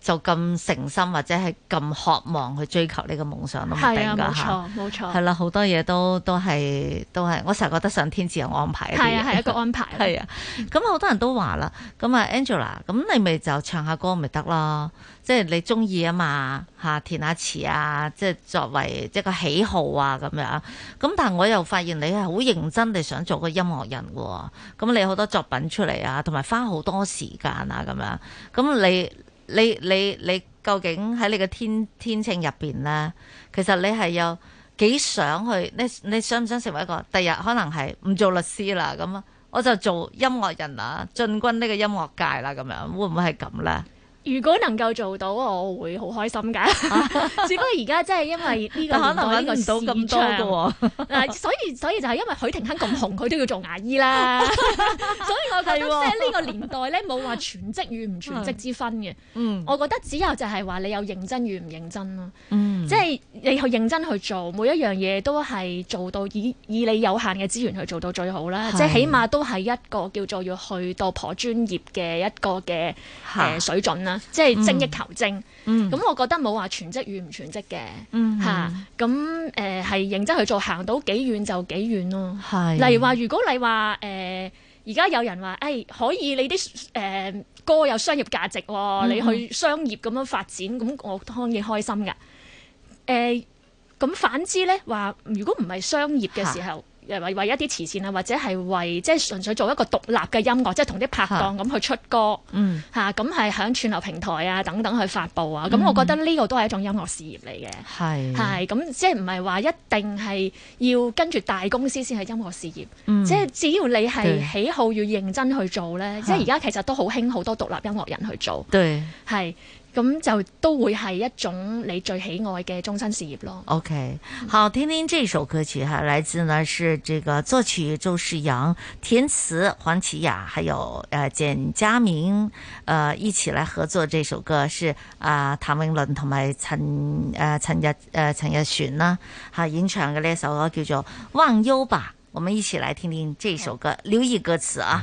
就咁誠心或者係咁渴望去追求呢個夢想都唔定㗎嚇，冇錯，係啦，好多嘢都都係都係，我成日覺得上天自有安排。係啊，係一個安排。係 (laughs) 啊，咁好多人都話啦，咁啊 Angela，咁你咪就唱下歌咪得咯，即係你中意啊嘛嚇，填下詞啊，即係作為一個喜好啊咁樣。咁但係我又發現你係好認真地想做個音樂人喎，咁你好多作品出嚟啊，同埋花好多時間啊咁樣，咁你。你你你究竟喺你嘅天天秤入邊咧？其實你係有幾想去？你你想唔想成為一個？第日可能係唔做律師啦，咁啊，我就做音樂人啊，進軍呢個音樂界啦，咁樣會唔會係咁咧？如果能夠做到，我會好開心㗎。啊、 (laughs) 只不過而家即係因為呢個年代呢個市場，嗱， (laughs) 所以所以就係因為許廷鏗咁紅，佢都要做牙醫啦。啊、所以我覺得即係呢個年代咧，冇話全職與唔全職之分嘅。的我覺得只有就係話你有認真與唔認真咯。即係、嗯、你去認真去做每一樣嘢，都係做到以以你有限嘅資源去做到最好啦。即係的起碼都係一個叫做要去到頗專業嘅一個嘅水準啦。即係精益求精，咁、嗯嗯、我覺得冇話全職與唔全職嘅，吓咁誒係認真去做，行到幾遠就幾遠咯。係，例如話如果你話誒而家有人話誒、欸、可以你啲誒、呃、歌有商業價值、喎，嗯、你去商業咁樣發展，咁我當然開心噶。誒、呃，咁反之咧，話如果唔係商業嘅時候。又為一啲慈善啊，或者係為即係純粹做一個獨立嘅音樂，即係同啲拍檔咁去出歌，嚇咁係喺串流平台啊等等去發布啊。咁、嗯、我覺得呢個都係一種音樂事業嚟嘅，係咁是即係唔係話一定係要跟住大公司先係音樂事業，嗯、即係只要你係喜好要認真去做咧，啊、即係而家其實都好興好多獨立音樂人去做，係對。咁就都會係一種你最喜愛嘅終身事業咯。OK，好，聽聽這首歌曲哈、啊，來自呢是這個作曲周世陽，填詞黃琦雅，還有誒、呃、簡嘉明，誒、呃、一起來合作這首歌，是、呃譚詠呃呃、啊譚詠麟同埋陳誒陳日誒陳日璇啦嚇演唱嘅呢一首歌叫做忘憂吧，我們一起來聽聽這首歌，嗯、留意歌詞啊。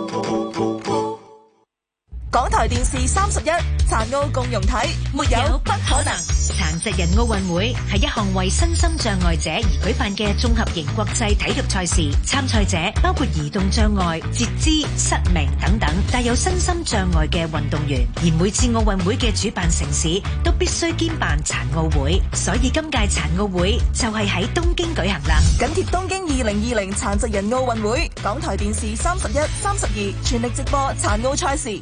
港台電視三十一殘奧共融體沒有，沒有不可能。可能。殘疾人奧運會係一項為身心障礙者而舉辦嘅綜合型國際體育賽事。參賽者包括移動障礙、截肢、失明等等，帶有身心障礙嘅運動員。而每次奧運會嘅主辦城市都必須兼辦殘奧會，所以今屆殘奧會就係喺東京舉行啦。緊貼東京二零二零殘疾人奧運會，港台電視三十一、三十二全力直播殘奧賽事。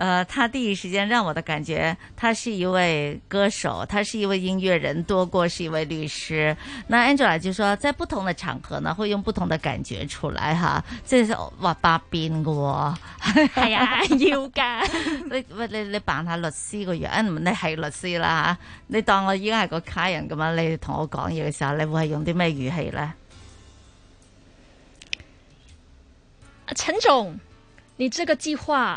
呃，他第一時間讓我的感覺，他是一位歌手，他是一位音樂人多過是一位律師。那 Angela 就說，在不同的場合呢，會用不同的感覺出來哈。這、就是哇邊我八邊個，係啊、哎，要噶， (laughs) (laughs) 你你你扮下律師個樣。你係律師啦，你當我已經係個卡人咁樣，你同我講嘢嘅時候，你會係用啲咩語氣呢？陳總，你這個計劃。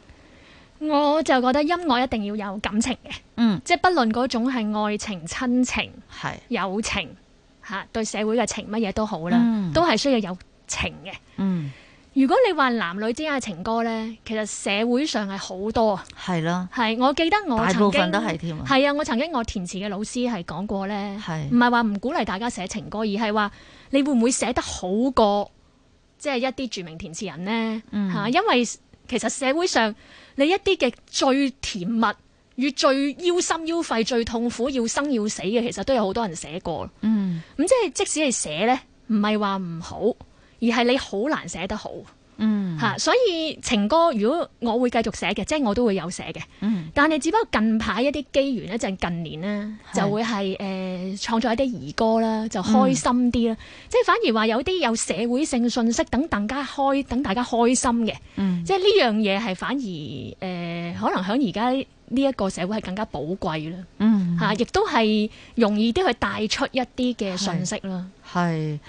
我就覺得音樂一定要有感情嘅，嗯，即係不論嗰種係愛情、親情、係友情，吓是、啊、對社會嘅情乜嘢都好啦，嗯、都係需要有情嘅，嗯。如果你話男女之間嘅情歌咧，其實社會上係好多，係咯的，係。我記得我曾經，大部分都係啊，我曾經我填詞嘅老師係講過咧，係的，唔係話唔鼓勵大家寫情歌，而係話你會唔會寫得好過，即係一啲著名填詞人呢吓、嗯啊，因為其實社會上。你一啲嘅最甜蜜、與最腰心腰肺、最痛苦要生要死嘅，其實都有好多人寫過。嗯，咁即係即使係寫咧，唔係話唔好，而係你好難寫得好。嗯，吓，所以情歌如果我會繼續寫嘅，即係我都會有寫嘅。嗯，但係只不過近排一啲機緣咧，即係近年咧，就會係誒創作一啲兒歌啦，就開心啲啦。嗯、即係反而話有啲有社會性信息等等，等大家開，等大家開心嘅。嗯、即係呢樣嘢係反而誒、呃，可能喺而家呢一個社會係更加寶貴啦。嗯，吓、啊，亦都係容易啲去帶出一啲嘅信息啦。係。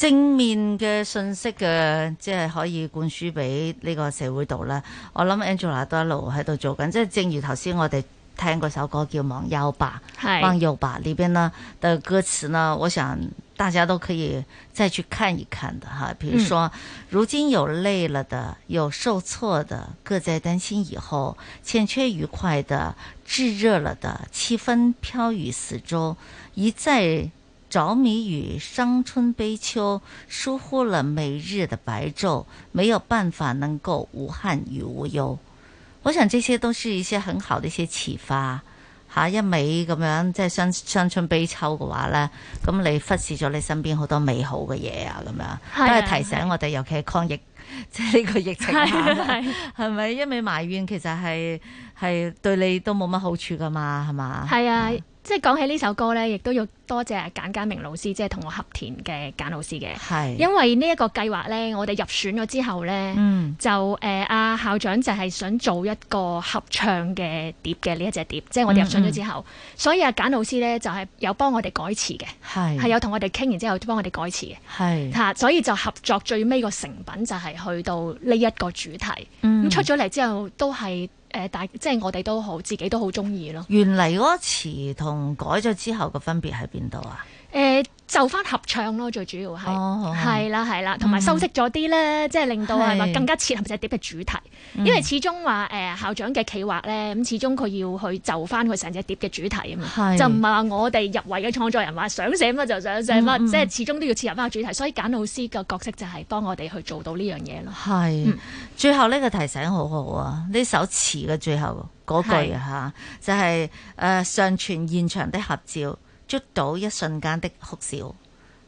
正面嘅信息嘅，即係可以灌輸俾呢個社會度啦。我諗 Angela 都一路喺度做緊，即係正如頭先我哋聽嗰首歌叫《忘憂吧》，忘憂吧，裏邊呢嘅歌詞呢，我想大家都可以再去看一看的哈。譬如說、mm. 如今有累了的，有受挫的，各在擔心以後欠缺愉快的炙熱了的氣氛飄於四周，一再。着迷於傷春悲秋，疏忽了每日的白晝，沒有辦法能夠無憾與無憂。我想這些都是一些很好的一些啟發。吓、啊，一味咁樣即係傷傷春悲秋嘅話咧，咁你忽視咗你身邊好多美好嘅嘢啊，咁樣都係、啊、提醒我哋，是啊、尤其係抗疫，即係呢個疫情下，係咪？一味埋怨其實係係對你都冇乜好處噶嘛，係嘛？係啊。即係講起呢首歌咧，亦都要多謝阿簡嘉明老師，即係同我合填嘅簡老師嘅。係是，因為呢一個計劃咧，我哋入選咗之後咧，嗯、就誒阿、呃、校長就係想做一個合唱嘅碟嘅呢一隻碟，即、這、係、個就是、我哋入選咗之後，嗯嗯所以阿簡老師咧就係、是、有幫我哋改詞嘅，係是，係有同我哋傾完之後幫我哋改詞嘅，係是，嚇、啊，所以就合作最尾個成品就係、是、去到呢一個主題，咁、嗯、出咗嚟之後都係。誒大，即係我哋都好，自己都好中意咯。原嚟嗰個詞同改咗之後嘅分別喺邊度啊？誒，呃、就翻合唱咯，最主要係，係啦係啦，同埋修飾咗啲咧，mm. 即係令到係咪更加切合隻碟嘅主題？Mm. 因為始終話誒校長嘅企劃咧，咁始終佢要去就翻佢成隻碟嘅主題啊嘛，mm. 就唔係話我哋入圍嘅創作人話想寫乜就想寫乜，mm. 即係始終都要切合翻個主題。所以簡老師嘅角色就係幫我哋去做到呢樣嘢咯。係是、嗯啊，最後呢個提醒好好啊，呢首詞嘅最後嗰句吓，就係誒上傳現場的合照。捉到一瞬間的哭笑，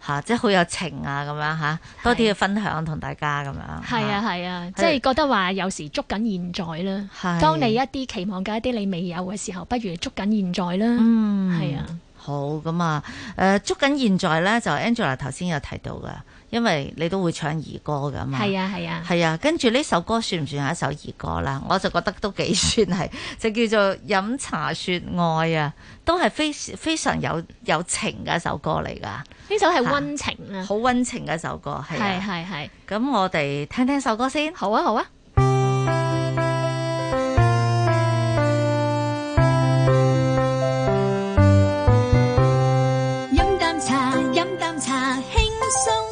嚇、啊，即係好有情啊咁樣嚇，啊啊、多啲嘅分享同大家咁樣。係啊係啊，啊係啊即係覺得話有時捉緊現在啦，啊、當你一啲期望緊一啲你未有嘅時候，不如捉緊現在啦。嗯，係啊。好咁啊，誒、呃，捉緊現在咧，就 Angela 頭先有提到㗎。因為你都會唱兒歌㗎嘛，係啊係啊，係啊，跟住呢首歌算唔算係一首兒歌啦？我就覺得都幾算係，就叫做飲茶説愛啊，都係非非常有有情嘅一首歌嚟㗎。呢首係温情啊，好温情嘅一首歌，係係係。咁我哋聽聽首歌先。好啊好啊。飲啖、啊、茶，飲啖茶，輕鬆。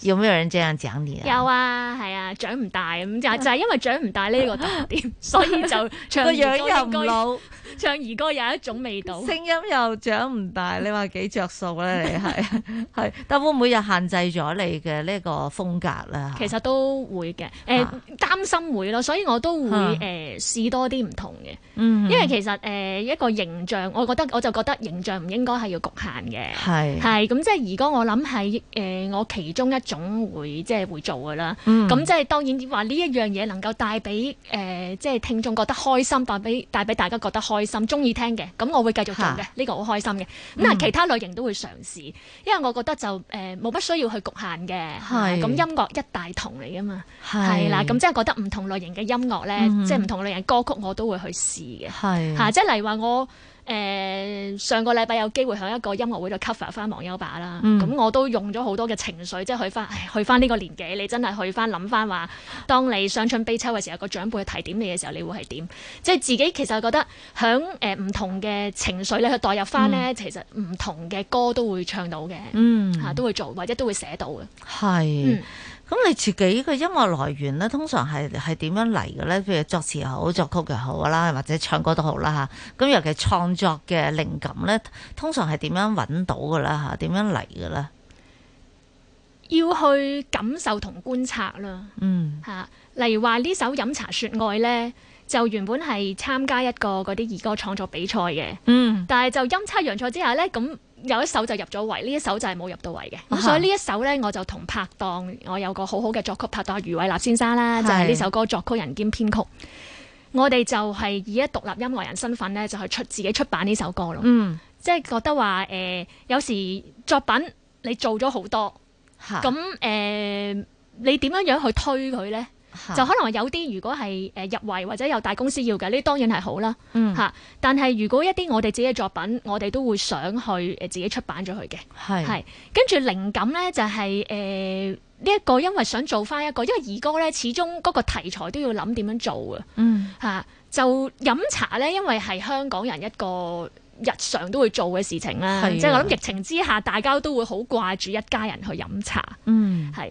有沒有人這樣講你啊？有啊，係啊，長唔大咁，就就是，係因為長唔大呢個特點， (laughs) 所以就唱個樣又老，唱兒歌有一種味道，聲音又長唔大，你話幾着數咧？你係係， (laughs) 但會唔會又限制咗你嘅呢個風格咧？其實都會嘅，誒、呃，擔、啊、心會咯，所以我都會誒試、啊呃、多啲唔同嘅，因為其實誒、呃、一個形象，我覺得我就覺得形象唔應該係要局限嘅，係係咁，即係兒歌，我諗係誒。我其中一種會即係會做嘅啦，咁、嗯、即係當然話呢一樣嘢能夠帶俾誒、呃、即係聽眾覺得開心，帶俾帶俾大家覺得開心，中意聽嘅，咁我會繼續做嘅，呢哈個好開心嘅。咁、嗯、但係其他類型都會嘗試，因為我覺得就誒冇乜需要去局限嘅，咁是、啊、音樂一大同嚟啊嘛，係是啦，咁即係覺得唔同類型嘅音樂咧，嗯、即係唔同類型嘅歌曲我都會去試嘅，係嚇是、啊，即係例如話我。誒、呃、上個禮拜有機會喺一個音樂會度 cover 翻忘憂吧啦，咁、嗯、我都用咗好多嘅情緒，即係去翻，去翻呢個年紀，你真係去翻諗翻話，當你傷春悲秋嘅時候，一個長輩去提點你嘅時候，你會係點？即係自己其實覺得響誒唔同嘅情緒你去代入翻呢，嗯、其實唔同嘅歌都會唱到嘅，嚇、嗯啊、都會做或者都會寫到嘅，係。是的 嗯咁你自己嘅音樂來源咧，通常係係點樣嚟嘅咧？譬如作詞又好，作曲又好啦，或者唱歌都好啦嚇。咁尤其係創作嘅靈感咧，通常係點樣揾到嘅啦嚇？點樣嚟嘅咧？要去感受同觀察啦。嗯嚇，例如話呢首《飲茶説愛》咧，就原本係參加一個嗰啲兒歌創作比賽嘅。嗯，但係就陰差陽錯之下咧，咁。有一首就入咗圍，呢一首就係冇入到圍嘅。咁、啊、所以呢一首呢，我就同拍檔，我有個很好好嘅作曲拍檔余偉立先生啦，就係、是、呢首歌作曲人兼編曲。是我哋就係以一獨立音樂人身份呢，就去出自己出版呢首歌咯。嗯，即係覺得話誒、呃，有時作品你做咗好多，咁誒是、呃，你點樣樣去推佢呢？就可能有啲，如果係誒入圍或者有大公司要嘅，呢當然係好啦。吓，嗯、但係如果一啲我哋自己嘅作品，我哋都會想去誒自己出版咗佢嘅。係是，跟住靈感呢，就係誒呢一個，因為想做翻一個，因為兒歌呢，始終嗰個題材都要諗點樣做啊。吓、嗯，就飲茶呢，因為係香港人一個日常都會做嘅事情啦。即係是的 我諗疫情之下，大家都會好掛住一家人去飲茶。嗯，係，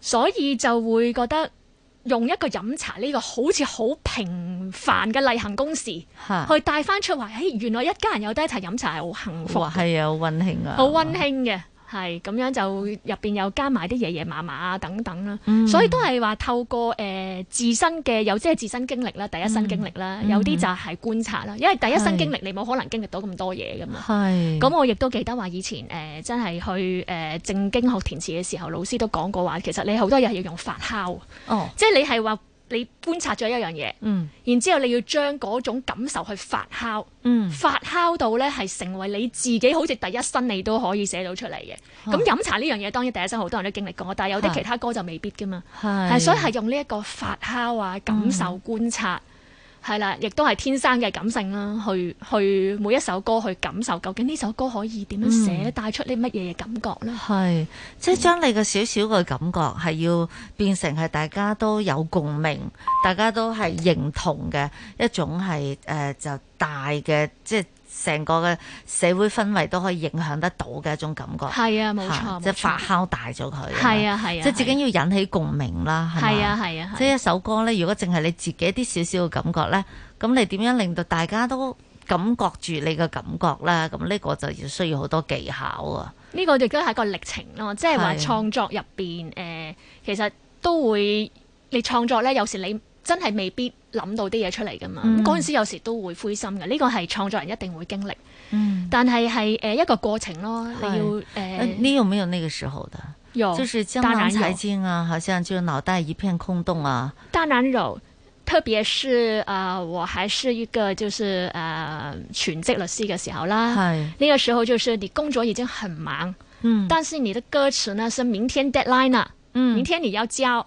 所以就會覺得。用一個飲茶呢、呢個好似好平凡嘅例行公事，哈去帶翻出嚟話，誒原來一家人有得一齊飲茶係好幸福嘅，係啊，好温馨啊，好温馨嘅。嗯係咁樣就入面又加埋啲爺爺、嫲嫲啊等等啦，嗯、所以都係話透過、呃、自身嘅有即係自身經歷啦，第一身經歷啦，嗯、有啲就係觀察啦，嗯、因為第一身經歷是你冇可能經歷到咁多嘢噶嘛。係是，咁我亦都記得話以前、呃、真係去、呃、正經學填詞嘅時候，老師都講過話，其實你好多嘢要用發酵，哦、即係你係話。你觀察咗一樣嘢，然之後你要將嗰種感受去發酵，發酵到咧係成為你自己好似第一身你都可以寫到出嚟嘅。咁飲、啊、茶呢樣嘢當然第一身好多人都經歷過，但係有啲其他歌就未必噶嘛。係是，所以係用呢一個發酵啊，感受觀察。嗯係啦，亦都係天生嘅感性啦，去去每一首歌去感受，究竟呢首歌可以點樣寫，嗯、帶出啲乜嘢嘅感覺咧？係，即係將你嘅少少嘅感覺係要變成係大家都有共鳴，大家都係認同嘅一種係誒、呃，就大嘅即係。成個嘅社會氛圍都可以影響得到嘅一種感覺，係啊，冇錯，即係、就係、發酵大咗佢，係啊，係啊，即係最緊要引起共鳴啦，係啊，係啊，即係吧、啊啊、一首歌咧，如果淨係你自己一啲少少嘅感覺咧，咁你點樣令到大家都感覺住你嘅感覺咧？咁呢個就要需要好多技巧啊！呢個亦都係一個歷程咯，即係話創作入邊，誒、啊呃，其實都會你創作咧，有時你。真係未必諗到啲嘢出嚟㗎嘛？嗰陣、嗯、時有時都會灰心嘅，呢、這個係創作人一定會經歷。嗯，但係係誒一個過程咯，係是要誒。呃、你有沒有那個時候的？有。就是江郎才盡啊，好像就腦袋一片空洞啊。當然有，特別是啊、呃，我還是一個就是誒、呃、全職律師嘅時候啦。係是。呢個時候就是你工作已經很忙，嗯，但是你的歌詞呢是明天 deadline，啊、嗯，明天你要交。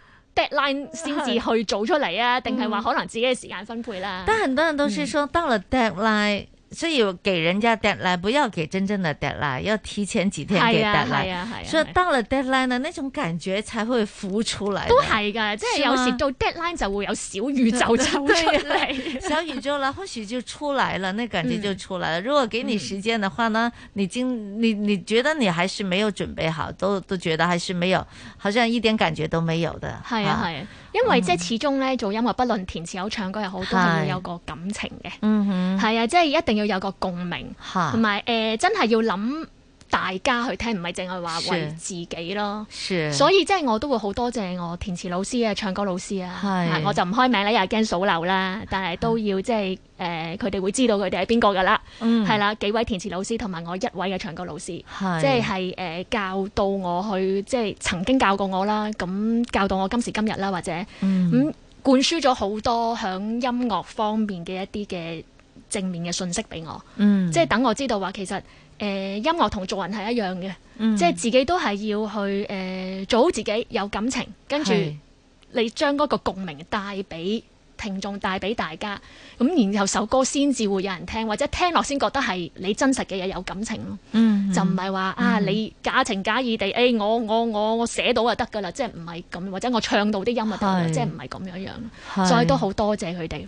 deadline 先至去做出嚟啊，定係話可能自己嘅時間分配啦。但很多人都係說到了 deadline，嗯。所以給人家 deadline，不要給真正的 deadline，要提前幾天給 deadline。啊，係啊，所以到了 deadline 呢，那種感覺才會浮出來。都係噶，即係有時到 deadline 就會有小宇宙出嚟，小宇宙啦，或許就出來了，那感覺就出來了。如果給你時間的話呢，你經你你覺得你還是沒有準備好，都都覺得還是沒有，好像一點感覺都沒有的。係啊係啊，因為即係始終咧做音樂，不論填詞又好，唱歌又好，都係有個感情嘅。嗯哼，係啊，即係一定要。要有個共鳴，同埋誒，真係要諗大家去聽，唔係淨係話為自己咯。所以即係我都會好多謝我填詞老師啊、唱歌老師啊，是啊我就唔開名咧，又驚數流啦。但係都要即係誒，佢哋是、呃、會知道佢哋係邊個噶啦，係、嗯、啦。幾位填詞老師同埋我一位嘅唱歌老師，是即係係誒教到我去，即係曾經教過我啦，咁教到我今時今日啦，或者咁、嗯嗯、灌輸咗好多響音樂方面嘅一啲嘅，正面嘅信息俾我，嗯、即係等我知道話其實，誒、呃、音樂同做人係一樣嘅，嗯、即係自己都係要去，誒、呃、做好自己有感情，跟住你將嗰個共鳴帶俾聽眾，帶俾大家，咁、嗯嗯、然後首歌先至會有人聽，或者聽落先覺得係你真實嘅嘢有感情咯，嗯嗯、就唔係話啊你假情假意地，誒、嗯哎、我我我我寫到就得噶啦，即係唔係咁，或者我唱到啲音啊得啦，是即係唔係咁樣樣，是所以都好多謝佢哋。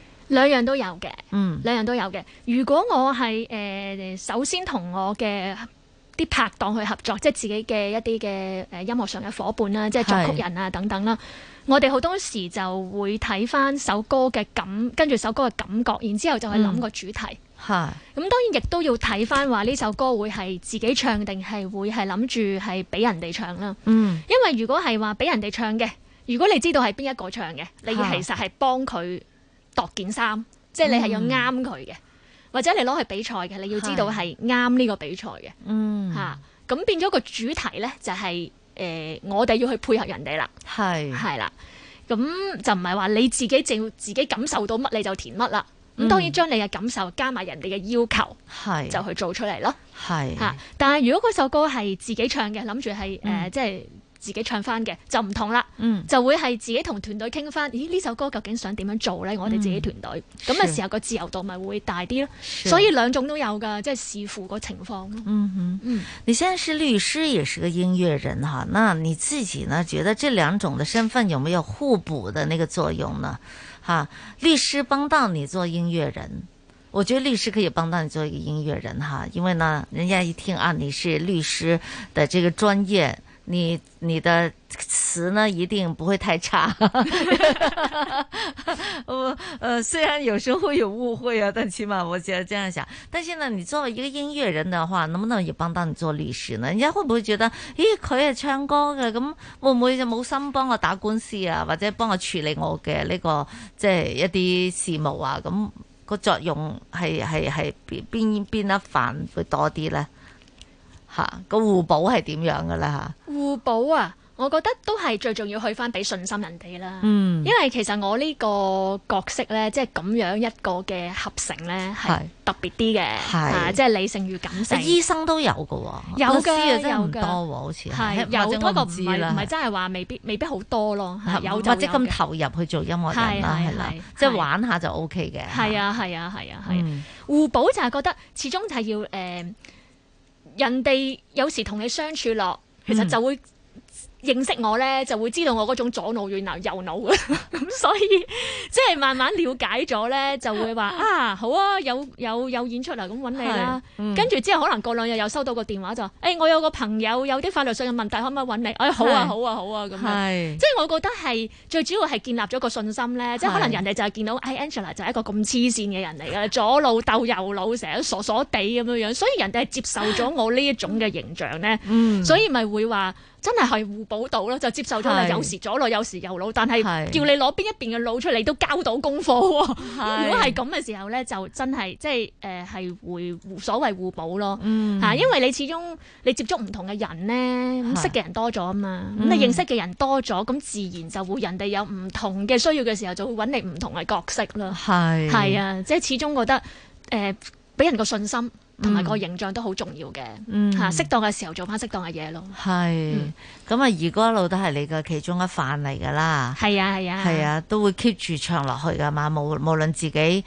兩樣都有嘅，嗯、兩樣都有嘅。如果我係誒、呃、首先同我嘅啲拍檔去合作，即係自己嘅一啲嘅誒音樂上嘅夥伴啦，即係作曲人啊等等啦。是我哋好多時就會睇翻首歌嘅感，跟住首歌嘅感覺，然之後就去諗個主題。係咁、嗯、當然亦都要睇翻話呢首歌會係自己唱定係會係諗住係俾人哋唱啦。嗯，因為如果係話俾人哋唱嘅，如果你知道係邊一個唱嘅，你其實係幫佢度件衫，即係你係要啱佢嘅，嗯、或者你攞去比賽嘅，你要知道係啱呢個比賽嘅。嗯，吓咁、啊、變咗個主題呢、就係，就係誒，我哋要去配合人哋是啦。係係啦，咁就唔係話你自己淨自，自己感受到乜你就填乜啦。咁、嗯、當然將你嘅感受加埋人哋嘅要求，係是就去做出嚟咯。係吓、啊，但係如果嗰首歌係自己唱嘅，諗住係誒，即係、嗯。呃就係自己唱翻嘅就唔同啦，就、嗯、就會係自己同團隊傾翻，咦呢首歌究竟想點樣做呢？我哋自己團隊咁嘅、嗯、時候個自由度咪會大啲咯。是所以兩種都有噶，即、就、係、是、視乎個情況咯。嗯嗯，你現在是律師，也是個音樂人哈。那、嗯、你自己呢？覺得這兩種的身份有沒有互補的那個作用呢？哈，律師幫到你做音樂人，我覺得律師可以幫到你做一個音樂人哈。因為呢，人家一聽啊，你是律師的這個專業。你你的詞呢，一定不會太差。我呃，雖然有時候有誤會有誤會啊，但起碼我覺得這樣想。但是呢，你作為一個音樂人的話，能不能也幫到你做律師呢？人家會不會覺得，咦，佢係唱歌嘅，咁會唔會就冇心幫我打官司啊，或者幫我處理我嘅呢、這個即係、就是、一啲事務啊？咁個作用係係係邊邊邊一範會多啲咧？吓個互補係點樣噶啦吓？互補啊，我覺得都係最重要，去翻俾信心人哋啦。嗯，因為其實我呢個角色咧，即係咁樣一個嘅合成咧，係特別啲嘅。係即係理性與感性，醫生都有噶，有噶真係有噶，好似係。有不過唔係唔係真係話未必未必好多咯。有或者咁投入去做音樂人啦，係啦，即係玩下就 O K 嘅。係啊係啊係啊係，互補就係覺得始終就係要誒。人哋有時同你相處落，其實就會。嗯認識我咧，就會知道我嗰種左腦軟流右腦，咁 (laughs) 所以即係慢慢了解咗咧，就會話 (laughs) 啊好啊，有有有演出嚟，咁搵你啦，跟住之後可能過兩日又收到個電話就話，誒、欸、我有個朋友有啲法律上嘅問題，可唔可以揾你？誒、哎、好啊是好啊好啊咁，啊、樣。是即係我覺得係最主要係建立咗個信心咧，是即係可能人哋就係見到，哎 Angela 就係一個咁黐線嘅人嚟嘅，左腦鬥右腦，成日都傻傻地咁樣樣，所以人哋係接受咗我呢一種嘅形象咧。 (laughs) 所以咪會話真係係補到咯，就接受咗啦。有時左腦，是有時右腦，但係叫你攞邊一邊嘅腦出嚟都交到功課。是 (laughs) 如果係咁嘅時候呢，就真係即係誒係會所謂互補咯嚇，嗯、因為你始終你接觸唔同嘅人呢，咁識嘅人多咗啊嘛，咁、嗯、你認識嘅人多咗，咁自然就會人哋有唔同嘅需要嘅時候，就會揾你唔同嘅角色啦。係是啊，即係始終覺得誒俾、呃、人個信心。同埋個形象都好重要嘅，嚇、嗯啊、適當嘅時候做翻適當嘅嘢咯。係，咁啊、嗯，如果一路都係你嘅其中一範嚟㗎啦。係啊，係啊，係啊，都會 keep 住唱落去㗎嘛。無無論自己。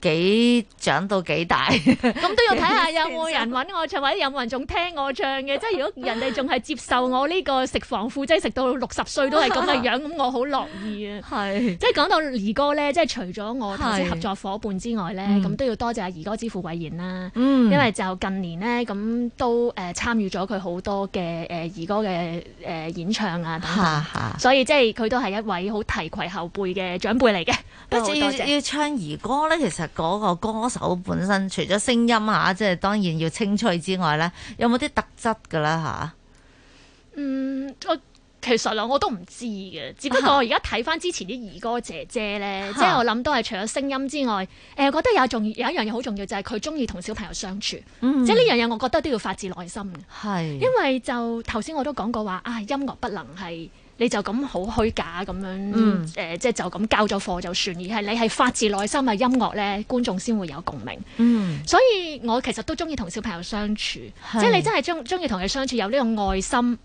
幾長到幾大？咁 (laughs) 都要睇下有冇人揾我唱，或者有冇人仲聽我唱嘅。即係如果人哋仲係接受我呢個食防腐劑食 (laughs) 到六十歲都係咁嘅樣，樣，咁 (laughs) 我好樂意啊！係是。即係講到兒歌呢，即係除咗我頭先合作伙伴之外呢，咁、嗯、都要多謝阿兒歌之父韋然啦。嗯、因為就近年呢，咁都誒參與咗佢好多嘅誒兒歌嘅誒演唱啊。吓 (laughs) 所以即係佢都係一位好提攜後輩嘅長輩嚟嘅。不止要，要唱兒歌呢，其實。嗰個歌手本身除咗聲音吓，即係當然要清脆之外咧，有冇啲特質噶啦吓？嗯，我其實咧，我都唔知嘅，只不過而家睇翻之前啲兒歌姐姐咧，即係、啊、我諗都係除咗聲音之外，誒、呃、我覺得有仲有一樣嘢好重要，就係佢中意同小朋友相處，即係呢樣嘢我覺得都要發自內心，係，是因為就頭先我都講過話啊，音樂不能係。你就咁好虛假咁、嗯呃、樣，即係就咁交咗課就算，而係你係發自內心嘅音樂咧，觀眾先會有共鳴。嗯、所以，我其實都中意同小朋友相處，是即係你真係中中意同佢相處，有呢個愛心，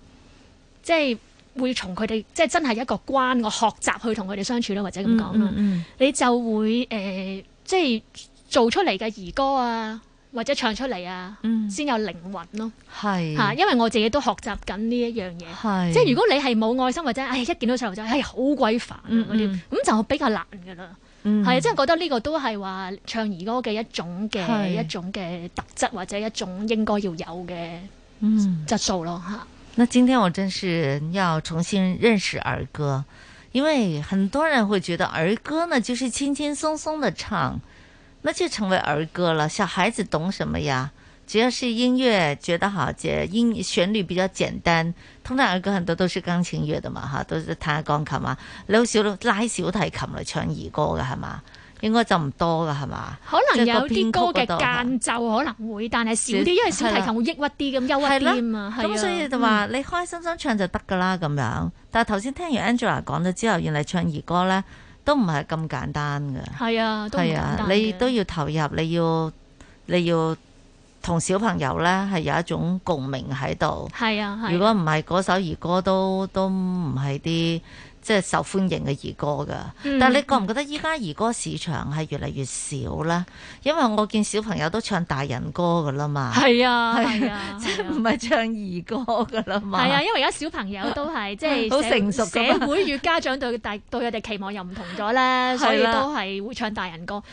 即係會從佢哋，即係真係一個關我學習去同佢哋相處啦，或者咁講、嗯嗯嗯、你就會、呃、即係做出嚟嘅兒歌啊。或者唱出嚟啊，先、嗯、有靈魂咯，嚇是！因為我自己都學習緊呢一樣嘢，是即係如果你係冇愛心或者係、哎、一見到細路仔係好鬼煩嗰啲，咁、哎啊嗯、就比較難㗎喇，係啊、嗯！即係覺得呢個都係話唱兒歌嘅一種嘅是一種嘅特質或者一種應該要有嘅質素咯吓、嗯，那今天我真是要重新認識兒歌，因為很多人會覺得兒歌呢就是輕輕鬆鬆的唱。那就成為兒歌了，小孩子懂什麼呀？只要是音樂覺得好，即音旋律比較簡單，通常兒歌很多都是鋼琴樂的嘛，吓，都是彈下鋼琴嘛。你好少拉小提琴嚟唱兒歌噶係嘛？應該就唔多噶係嘛？可能以有啲高嘅間奏可能會，是但係少啲，是因為小提琴會抑鬱啲咁憂鬱咁所以就話、嗯、你開開心心唱就得噶啦咁樣。但係頭先聽完 Angela 講咗之後，原嚟唱兒歌呢。都唔係咁簡單嘅，係啊，係啊，你都要投入，你要，你要同小朋友呢係有一種共鳴喺度。係啊，係啊，如果唔係嗰首兒歌都都唔係啲。即係受歡迎嘅兒歌㗎，嗯、但係你覺唔覺得依家兒歌市場係越嚟越少咧？因為我見小朋友都唱大人歌㗎啦嘛，係啊，係啊，即係唔係唱兒歌㗎啦嘛？係啊，因為而家小朋友都係、啊、即係好成熟，社會與家長對大對佢哋期望又唔同咗咧，係啊、所以都係會唱大人歌。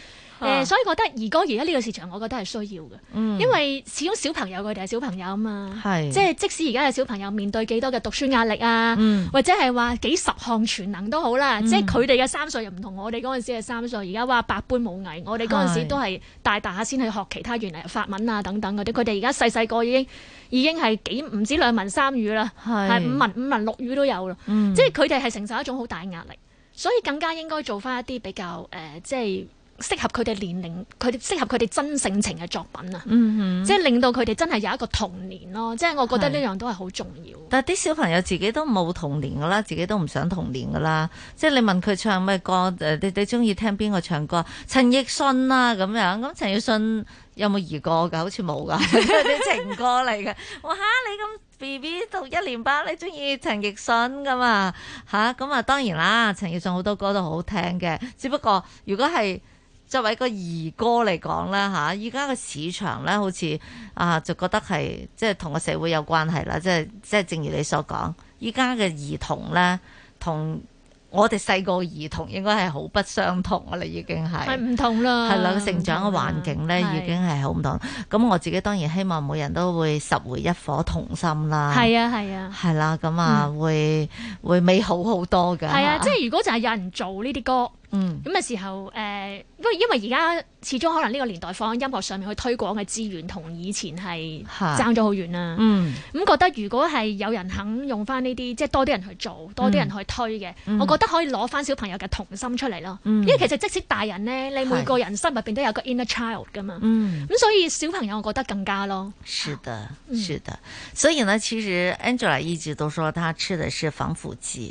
誒，uh, 所以我覺得兒歌而家呢個市場，我覺得係需要嘅，嗯、因為始終小朋友佢哋係小朋友啊嘛，即係是即使而家嘅小朋友面對幾多嘅讀書壓力啊，嗯、或者係話幾十項全能都好啦，嗯、即係佢哋嘅三歲又唔同我哋嗰陣時嘅三歲，而家話百般武藝，我哋嗰陣時都係大大先去學其他，原嚟法文啊等等嗰啲，佢哋而家細細個已經已經係幾唔止兩文三語啦，係是五文五文六語都有啦，嗯、即係佢哋係承受一種好大嘅壓力，所以更加應該做翻一啲比較誒、呃，即係適合佢哋年齡，佢哋適合佢哋真性情嘅作品啊！嗯、哼即係令到佢哋真係有一個童年咯。即係是我覺得呢樣都係好重要。但係啲小朋友自己都冇童年㗎啦，自己都唔想童年㗎啦。即係你問佢唱咩歌，你你中意聽邊個唱歌？陳奕迅啦、啊、咁樣。咁陳奕迅有冇兒歌㗎？好似冇㗎，啲 (laughs) (laughs) 情歌嚟嘅。哇嚇！你咁 B B 讀一年班，你中意陳奕迅㗎嘛？吓？咁啊，當然啦，陳奕迅好多歌都好好聽嘅。只不過如果係作為一個兒歌嚟講咧嚇，依家個市場咧好似啊，就覺得係即係同個社會有關係啦，即係即係正如你所講，依家嘅兒童咧，同我哋細個兒童應該係好不相同噶啦，已經係係唔同啦，係啦，成長嘅環境咧已經係好唔同。咁我自己當然希望每人都會拾回一顆童心啦，係啊係啊，係啦咁啊，會會美好好多㗎。係啊，即係如果就係有人做呢啲歌。嗯，咁嘅時候，誒、呃，因為因為而家始終可能呢個年代放喺音樂上面去推廣嘅資源，同以前係爭咗好遠啦，啊。嗯、咁、嗯、覺得如果係有人肯用翻呢啲，即係多啲人去做，多啲人去推嘅，嗯嗯、我覺得可以攞翻小朋友嘅童心出嚟咯。嗯，因為其實即使大人咧，你每個人心入邊都有個 inner child 噶嘛。的嗯，咁所以小朋友我覺得更加咯。是的，是的，所以呢，其實 Angela 一直都說，她吃的是防腐劑。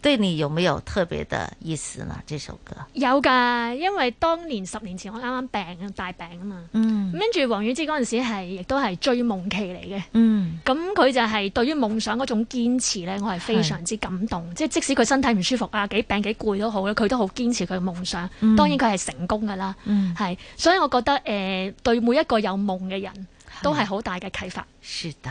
對你有沒有特別的意思呢？這首歌有噶，因為當年十年前我啱啱病啊，大病啊嘛。嗯。跟住王菀之嗰陣時係亦都係追夢期嚟嘅。嗯。咁佢就係對於夢想嗰種堅持咧，我係非常之感動。即係是即使佢身體唔舒服啊，幾病幾攰都好咧，佢都好堅持佢嘅夢想。嗯、當然佢係成功噶啦。嗯。係，所以我覺得誒、呃，對每一個有夢嘅人都係好大嘅啟發。是的。